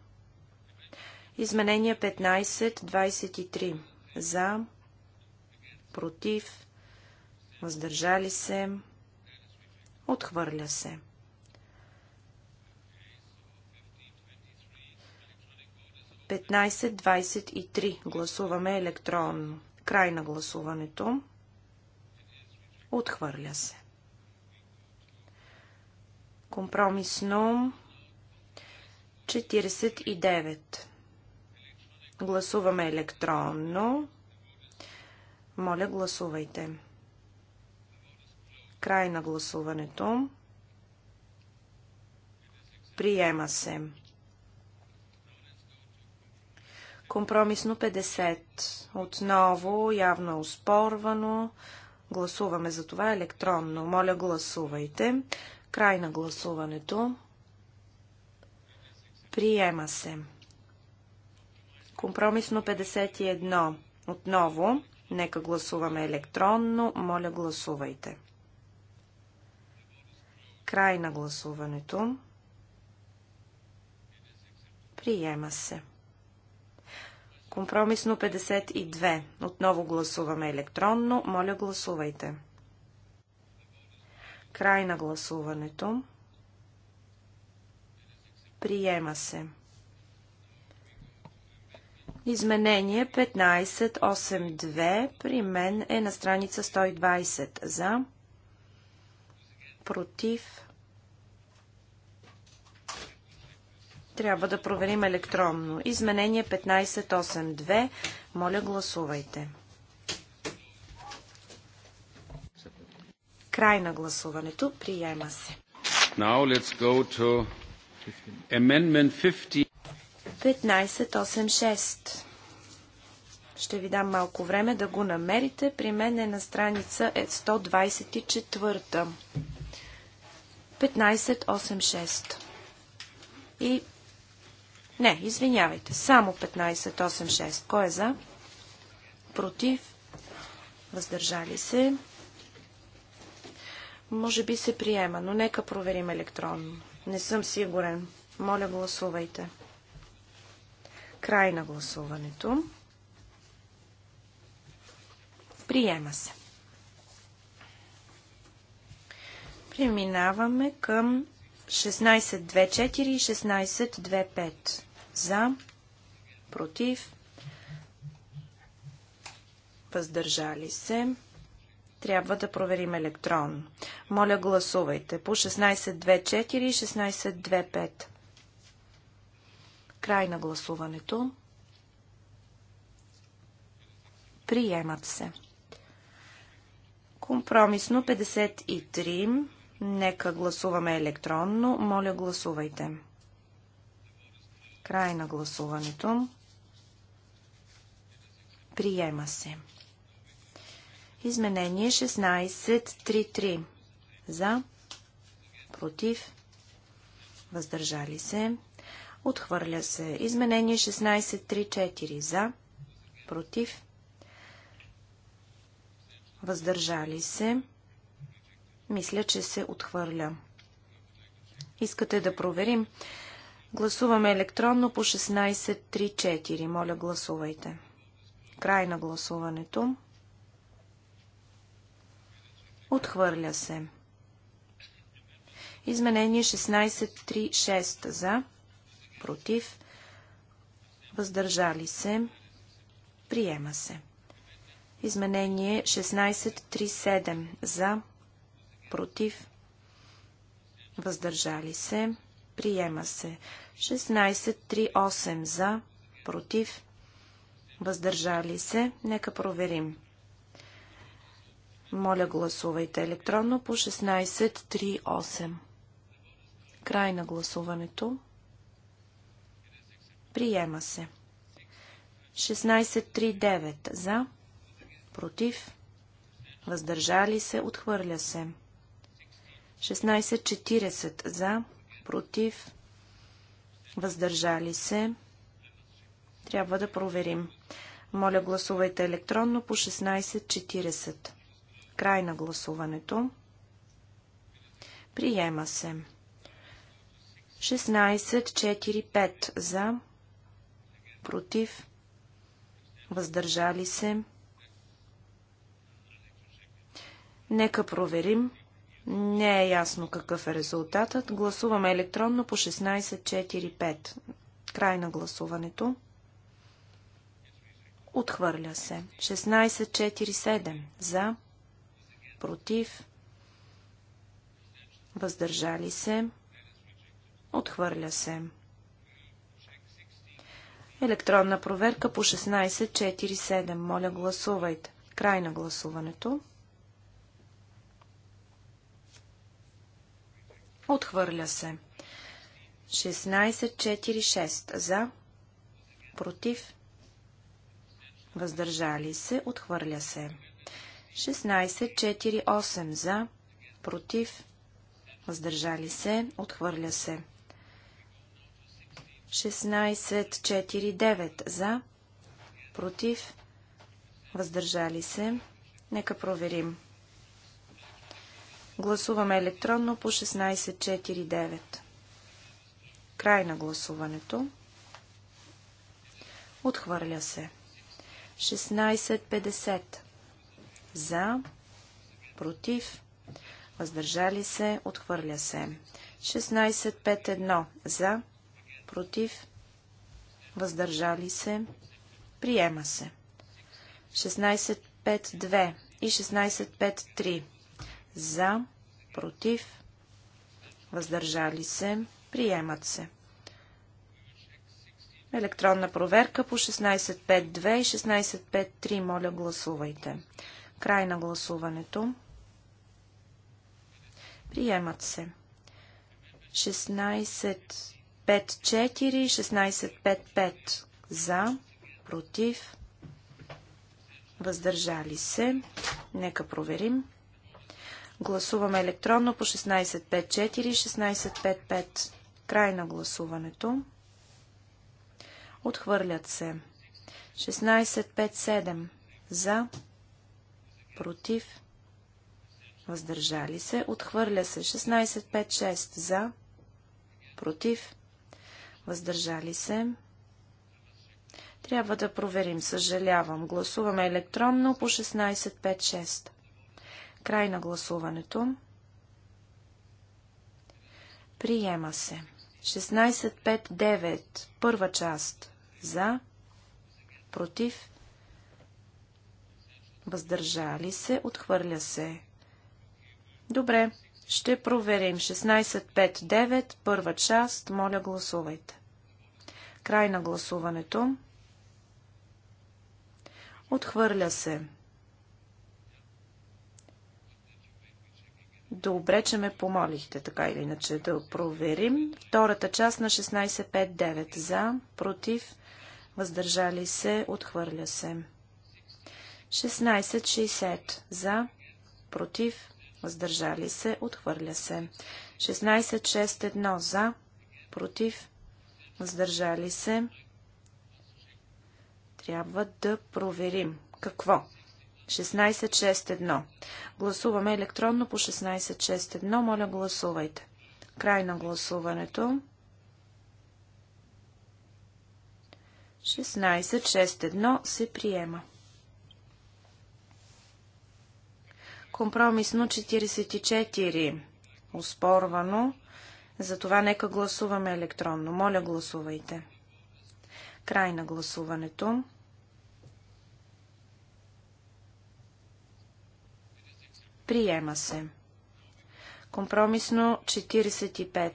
Изменение 15-23. За, против, въздържали се, отхвърля се. три. Гласуваме електронно. Край на гласуването. Отхвърля се. Компромисно 49. Гласуваме електронно. Моля, гласувайте. Край на гласуването. Приема се. Компромисно 50. Отново явно е успорвано. Гласуваме за това електронно. Моля, гласувайте. Край на гласуването. Приема се. Компромисно 51. Отново. Нека гласуваме електронно. Моля, гласувайте. Край на гласуването. Приема се. Компромисно 52. Отново гласуваме електронно. Моля, гласувайте. Край на гласуването. Приема се. Изменение 1582 при мен е на страница 120 за, против. Трябва да проверим електронно. Изменение 1582. Моля, гласувайте. Край на гласуването. Приема се. Now let's go to amendment 50. 1586. Ще ви дам малко време да го намерите. При мен е на страница 124. Е 1586. И... Не, извинявайте. Само 1586. Кой е за? Против? Въздържали се? Може би се приема, но нека проверим електронно. Не съм сигурен. Моля, гласувайте. 1586. Край на гласуването. Приема се. Преминаваме към 16.24 и 16.25. За, против, въздържали се. Трябва да проверим електронно. Моля, гласувайте по 16.24 и 16.25. Край на гласуването. Приемат се. Компромисно 53. Нека гласуваме електронно. Моля, гласувайте. Край на гласуването. Приема се. Изменение 16.3.3. За. Против. Въздържали се. Отхвърля се. Изменение 16.3.4 за. Против. Въздържали се. Мисля, че се отхвърля. Искате да проверим? Гласуваме електронно по 16.3.4. Моля, гласувайте. Край на гласуването. Отхвърля се. Изменение 16.3.6 за против, въздържали се, приема се. Изменение 1637 за, против, въздържали се, приема се. 1638 за, против, въздържали се, нека проверим. Моля гласувайте електронно по 1638. Край на гласуването. Приема се. 16.39 за, против, въздържали се, отхвърля се. 16.40 за, против, въздържали се. Трябва да проверим. Моля, гласувайте електронно по 16.40. Край на гласуването. Приема се. 16.45 за, против, въздържали се. Нека проверим. Не е ясно какъв е резултатът. Гласуваме електронно по 16.4.5. Край на гласуването. Отхвърля се. 16.4.7. За. Против. Въздържали се. Отхвърля се. Електронна проверка по 1647. Моля, гласувайте. Край на гласуването. Отхвърля се. 1646 за, против, въздържали се, отхвърля се. 1648 за, против, въздържали се, отхвърля се. 1649 за, против, въздържали се. Нека проверим. Гласуваме електронно по 1649. Край на гласуването. Отхвърля се. 1650 за, против, въздържали се, отхвърля се. 1651 за, против, въздържали се, приема се. 16.5.2 и 16.5.3 за, против, въздържали се, приемат се. Електронна проверка по 16.5.2 и 16.5.3. Моля, гласувайте. Край на гласуването. Приемат се. 16 1654, 5 за, против, въздържали се. Нека проверим. Гласуваме електронно по 1654 и 1655. Край на гласуването. Отхвърлят се. 1657 за, против, въздържали се. Отхвърля се. 1656 за, против, въздържали се. Трябва да проверим, съжалявам. Гласуваме електронно по 1656. Край на гласуването. Приема се. 16.5.9. Първа част. За. Против. Въздържали се. Отхвърля се. Добре. Ще проверим 16.5.9, първа част. Моля, гласувайте. Край на гласуването. Отхвърля се. Добре, че ме помолихте, така или иначе, да проверим. Втората част на 16.5.9. За, против, въздържали се, отхвърля се. 16.60. За, против, въздържали се, отхвърля се. 16.6.1 за, против, въздържали се. Трябва да проверим. Какво? 16.6.1. Гласуваме електронно по 16.6.1. Моля, гласувайте. Край на гласуването. 16.6.1 се приема. компромисно 44 оспорвано. Затова нека гласуваме електронно. Моля, гласувайте. Край на гласуването. Приема се. Компромисно 45.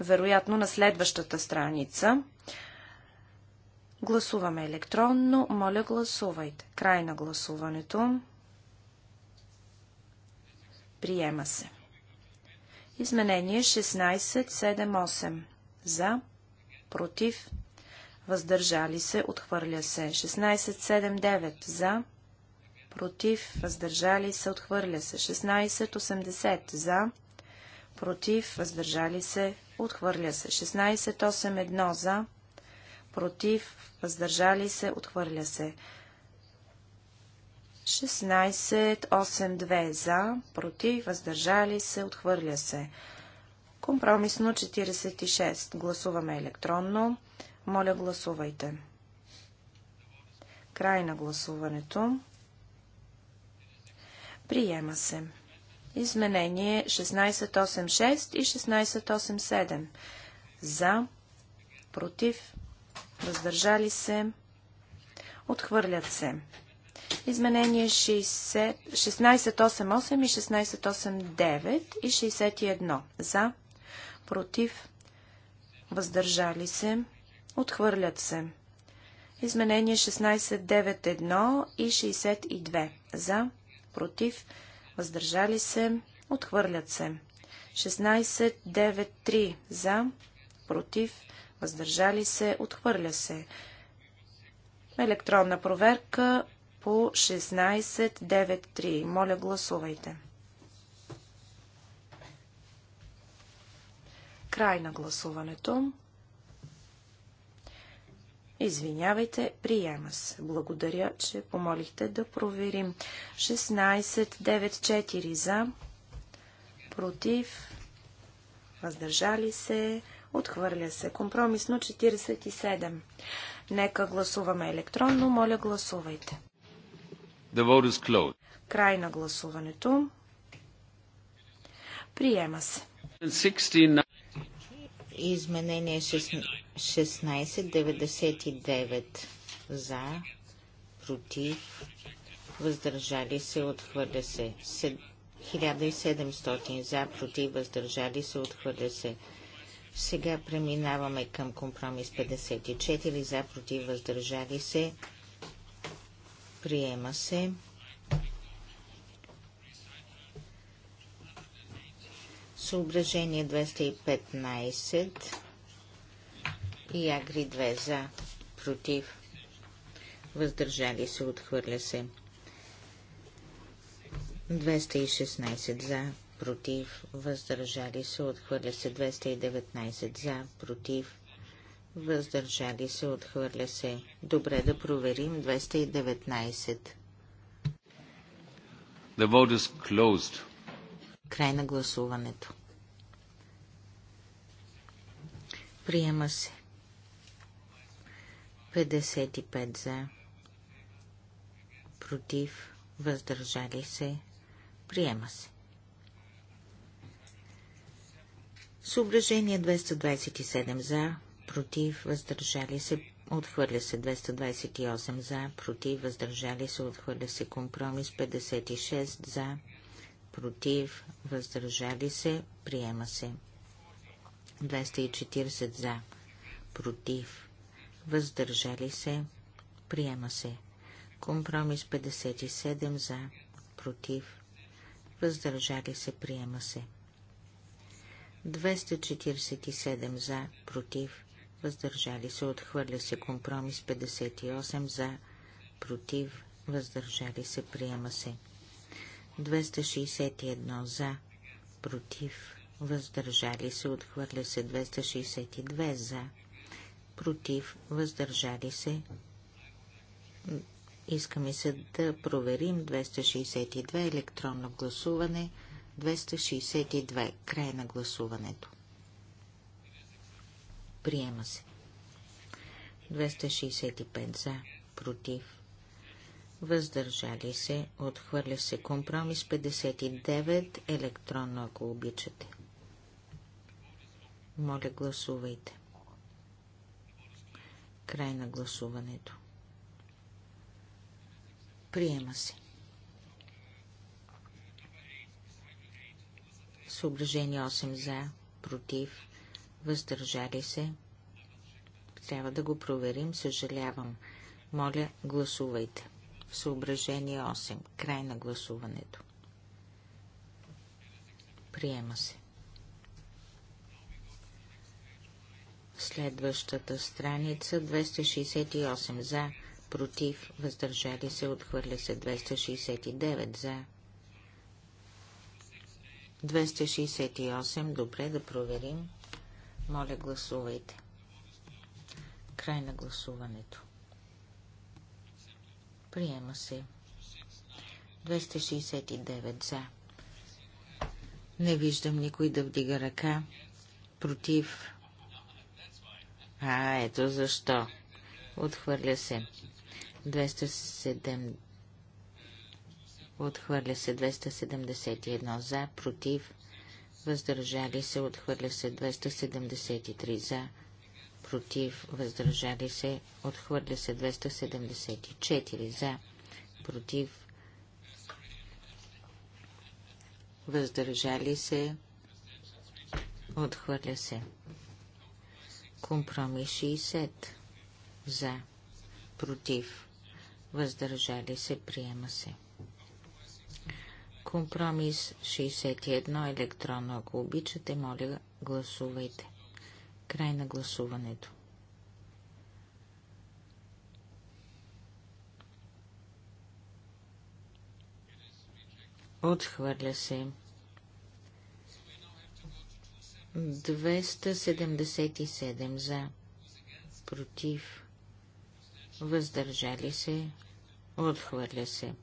Вероятно на следващата страница. Гласуваме електронно. Моля, гласувайте. Край на гласуването. Приема се. Изменение 16.7.8. За. Против. Въздържали се. Отхвърля се. 16.7.9. За. Против. Въздържали се. Отхвърля се. 16.80. За. Против. Въздържали се. Отхвърля се. 16.8.1. За. Против. Въздържали се. Отхвърля се. 16.8.2 за, против, въздържали се, отхвърля се. Компромисно 46. Гласуваме електронно. Моля, гласувайте. Край на гласуването. Приема се. Изменение 1686 и 1687. За, против, въздържали се, отхвърлят се. Изменение 1688 и 1689 и 61. За, против, въздържали се, отхвърлят се. Изменение 1691 и 62. За, против, въздържали се, отхвърлят се. 1693 за, против, въздържали се, отхвърля се. Електронна проверка по 1693. Моля, гласувайте. Край на гласуването. Извинявайте, приема се. Благодаря, че помолихте да проверим. 1694 за, против, въздържали се, отхвърля се. Компромисно 47. Нека гласуваме електронно. Моля, гласувайте. The vote is closed. Край на гласуването. Приема се. Изменение 1699 за, против, въздържали се, отхвърля се. 1700 за, против, въздържали се, отхвърля се. Сега преминаваме към компромис 54 за, против, въздържали се, Приема се. Съображение 215 и Агри 2 за, против, въздържали се, отхвърля се. 216 за, против, въздържали се, отхвърля се. 219 за, против, въздържали се, отхвърля се. Добре да проверим 219. The vote is closed. Край на гласуването. Приема се. 55 за. Против. Въздържали се. Приема се. Съображение 227 за против, въздържали се, отхвърля се 228 за, против, въздържали се, отхвърля се компромис 56 за, против, въздържали се, приема се 240 за, против, въздържали се, приема се компромис 57 за, против, въздържали се, приема се 247 за, против, въздържали се, отхвърля се компромис 58 за, против, въздържали се, приема се. 261 за, против, въздържали се, отхвърля се 262 за, против, въздържали се. Искаме се да проверим 262 електронно гласуване, 262 край на гласуването. Приема се. 265 за, против. Въздържали се. Отхвърля се компромис 59 електронно, ако обичате. Моля, гласувайте. Край на гласуването. Приема се. Съображение 8 за, против, въздържали се. Трябва да го проверим, съжалявам. Моля, гласувайте. В Съображение 8. Край на гласуването. Приема се. Следващата страница 268 за, против, въздържали се, отхвърля се 269 за. 268, добре да проверим. Моля, гласувайте. Край на гласуването. Приема се. 269 за. Не виждам никой да вдига ръка. Против. А, ето защо. Отхвърля се. 207. Отхвърля се 271 за, против въздържали се, отхвърля се 273 за, против, въздържали се, отхвърля се 274 за, против, въздържали се, отхвърля се. Компромис 60 за, против, въздържали се, приема се. Компромис 61 електронно. Ако обичате, моля, гласувайте. Край на гласуването. Отхвърля се. 277 за. Против. Въздържали се. Отхвърля се.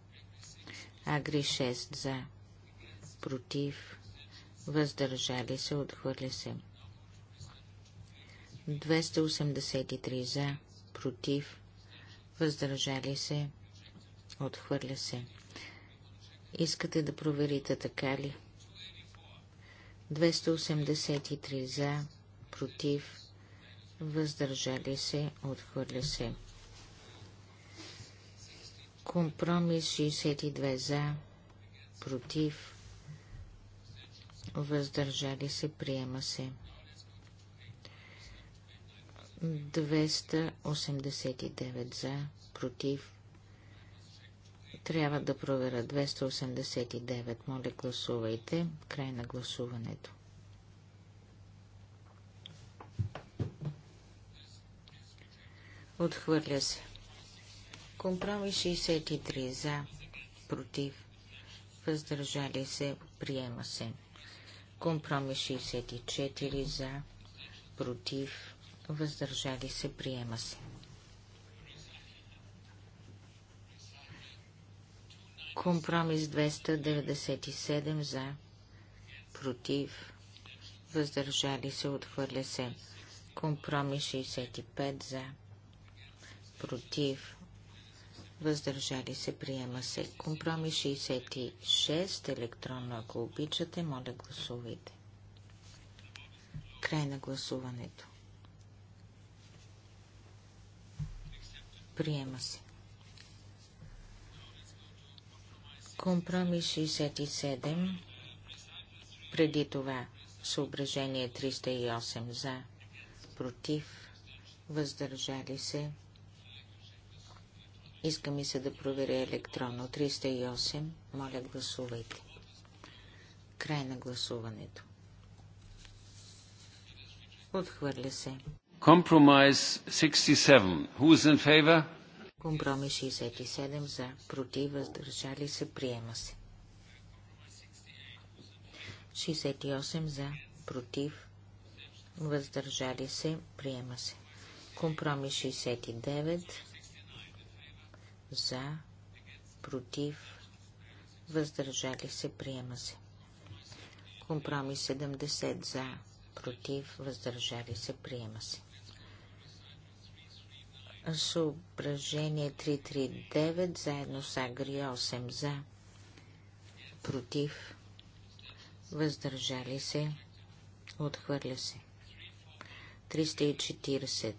Агри 6 за. Против. Въздържали се. Отхвърля се. 283 за. Против. Въздържали се. Отхвърля се. Искате да проверите така ли? 283 за. Против. Въздържали се. Отхвърля се. Компромис 62 за, против, въздържали се, приема се. 289 за, против. Трябва да проверя 289. Моля, гласувайте. Край на гласуването. Отхвърля се. Компромис 63 за, против, въздържали се, приема се. Компромис 64 за, против, въздържали се, приема се. Компромис 297 за, против, въздържали се, отхвърля се. Компромис 65 за, против, въздържали се, приема се. Компромис 66, електронно, ако обичате, моля гласувайте. Край на гласуването. Приема се. Компромис 67. Преди това съображение 308 за, против, въздържали се, иска ми се да проверя електронно. 308. Моля, гласувайте. Край на гласуването. Отхвърля се. Компромис 67. Who is in favor? Компромис 67 за. Против, въздържали се, приема се. 68 за. Против, въздържали се, приема се. Компромис 69 за, против, въздържали се, приема се. Компромис 70 за, против, въздържали се, приема се. Съображение 339 заедно с Агри 8 за, против, въздържали се, отхвърля се. 340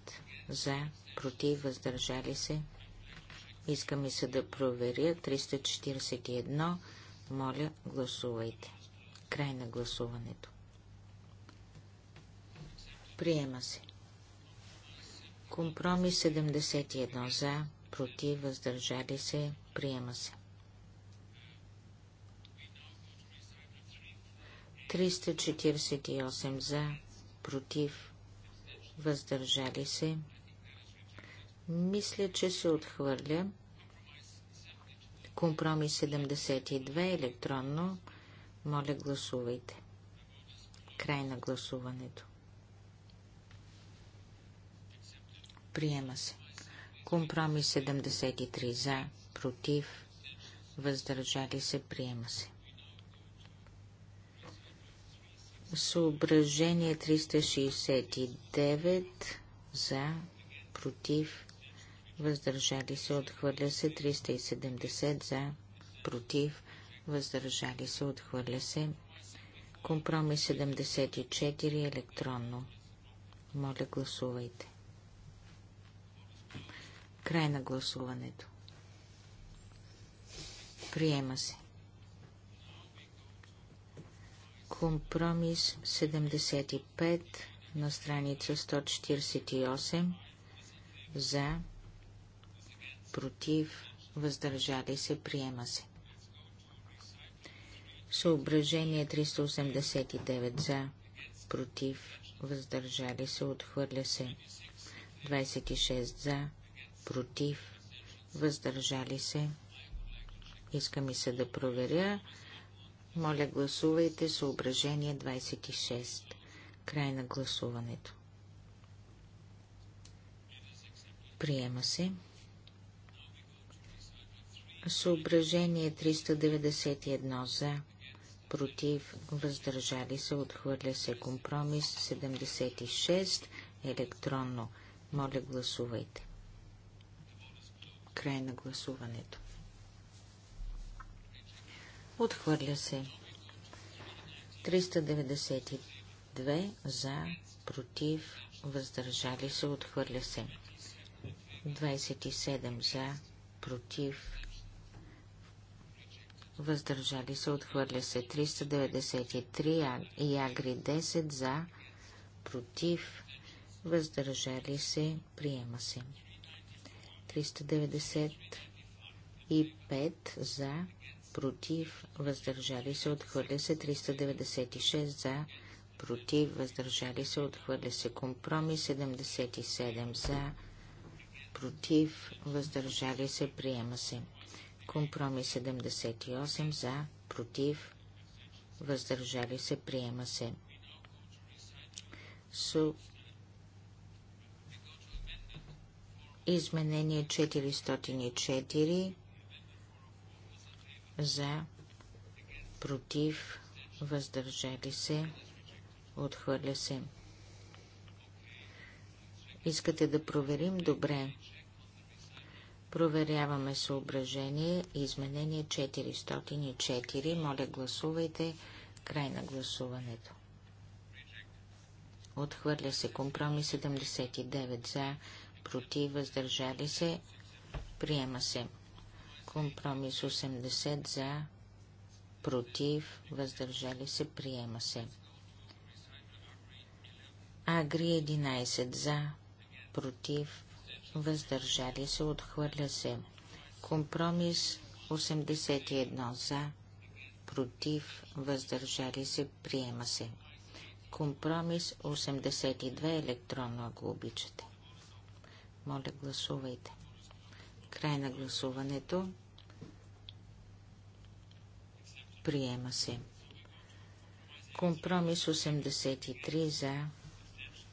за, против, въздържали се, иска ми се да проверя 341. Моля, гласувайте. Край на гласуването. Приема се. Компромис 71 за, против, въздържали се, приема се. 348 за, против, въздържали се, мисля, че се отхвърля. Компромис 72 електронно. Моля, гласувайте. Край на гласуването. Приема се. Компромис 73 за, против, въздържали се, приема се. Съображение 369 за, против, въздържали се, отхвърля се 370 за, против, въздържали се, отхвърля се. Компромис 74 електронно. Моля, гласувайте. Край на гласуването. Приема се. Компромис 75 на страница 148 за против, въздържали се, приема се. Съображение 389 за, против, въздържали се, отхвърля се. 26 за, против, въздържали се. Иска ми се да проверя. Моля, гласувайте съображение 26. Край на гласуването. Приема се. Съображение 391 за, против, въздържали се, отхвърля се компромис 76 електронно. Моля, гласувайте. Край на гласуването. Отхвърля се. 392 за, против, въздържали се, отхвърля се. 27 за, против, въздържали се, отхвърля се 393 и Агри 10 за, против, въздържали се, приема се. 395 за, против, въздържали се, отхвърля се 396 за, против, въздържали се, отхвърля се компромис 77 за, против, въздържали се, приема се. Компромис 78 за, против, въздържали се, приема се. Су... Изменение 404 за, против, въздържали се, отхвърля се. Искате да проверим? Добре. Проверяваме съображение. Изменение 404. Моля, гласувайте. Край на гласуването. Отхвърля се компромис 79 за, против, въздържали се. Приема се. Компромис 80 за, против, въздържали се. Приема се. Агри 11 за, против, въздържали се, отхвърля се. Компромис 81 за, против, въздържали се, приема се. Компромис 82 електронно, ако обичате. Моля, гласувайте. Край на гласуването. Приема се. Компромис 83 за,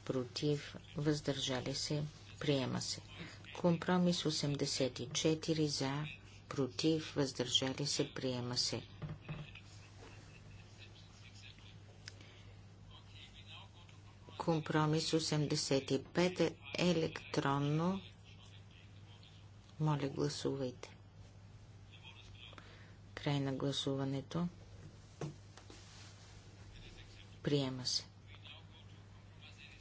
против, въздържали се, Приема се. Компромис 84 за, против, въздържали се, приема се. Компромис 85 е електронно. Моля, гласувайте. Край на гласуването. Приема се.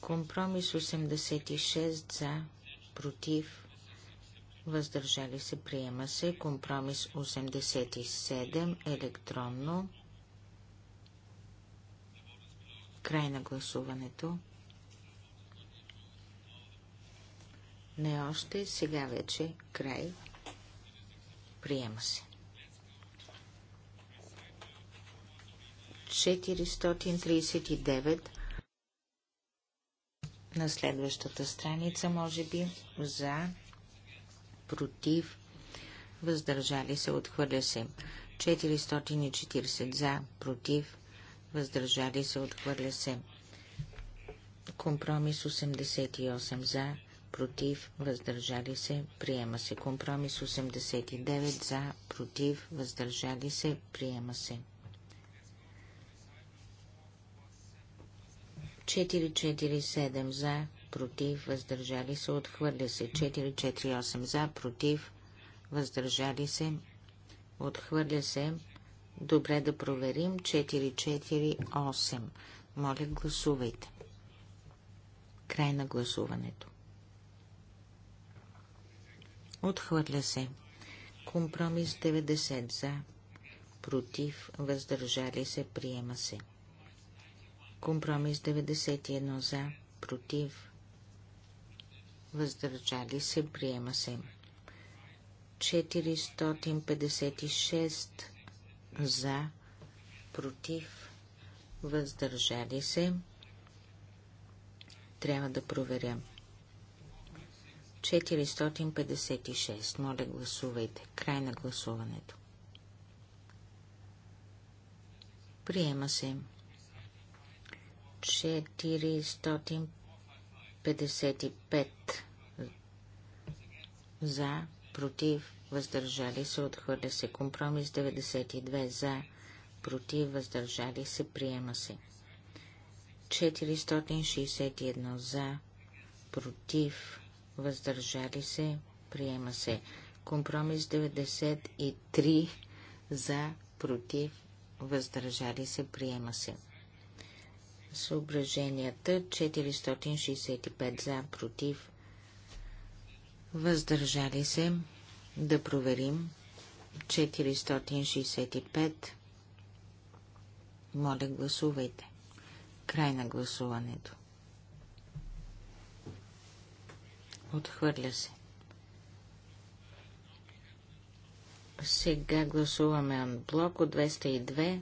Компромис 86 за, против, въздържали се, приема се. Компромис 87 електронно. Край на гласуването. Не още, сега вече край. Приема се. 439 на следващата страница, може би, за, против, въздържали се, отхвърля се. 440 за, против, въздържали се, отхвърля се. Компромис 88 за, против, въздържали се, приема се. Компромис 89 за, против, въздържали се, приема се. 447 за, против, въздържали се, отхвърля се. 448 за, против, въздържали се, отхвърля се. Добре да проверим. 448. Моля, гласувайте. Край на гласуването. Отхвърля се. Компромис 90 за. Против, въздържали се, приема се. Компромис 91 за, против, въздържали се, приема се. 456 за, против, въздържали се. Трябва да проверя. 456. Моля, гласувайте. Край на гласуването. Приема се. 455 за, против, въздържали се, отхвърля се. Компромис 92 за, против, въздържали се, приема се. 461 за, против, въздържали се, приема се. Компромис 93 за, против, въздържали се, приема се. Съображенията 465 за, против, въздържали се. Да проверим. 465. Моля, гласувайте. Край на гласуването. Отхвърля се. Сега гласуваме анблок от 202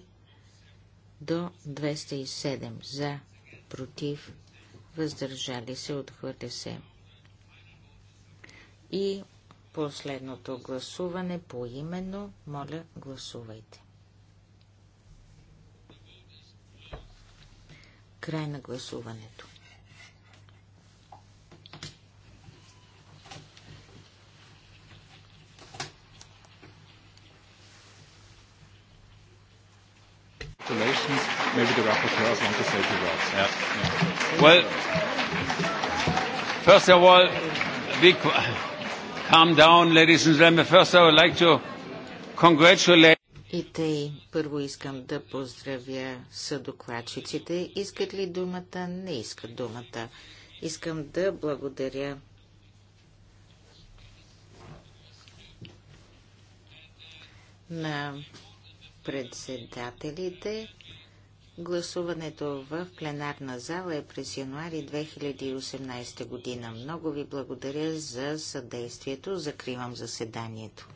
до 207 за, против, въздържали се, отхвърля се. И последното гласуване по именно, моля, гласувайте. Край на гласуването. congratulations. Maybe the rapporteurs want to say two words. Yeah. yeah. Well, first of all, we calm down, ladies and gentlemen. First, I would like to congratulate. И тъй първо искам да поздравя съдокладчиците. Искат ли думата? Не искат думата. Искам да благодаря на председателите. Гласуването в пленарна зала е през януари 2018 година. Много ви благодаря за съдействието. Закривам заседанието.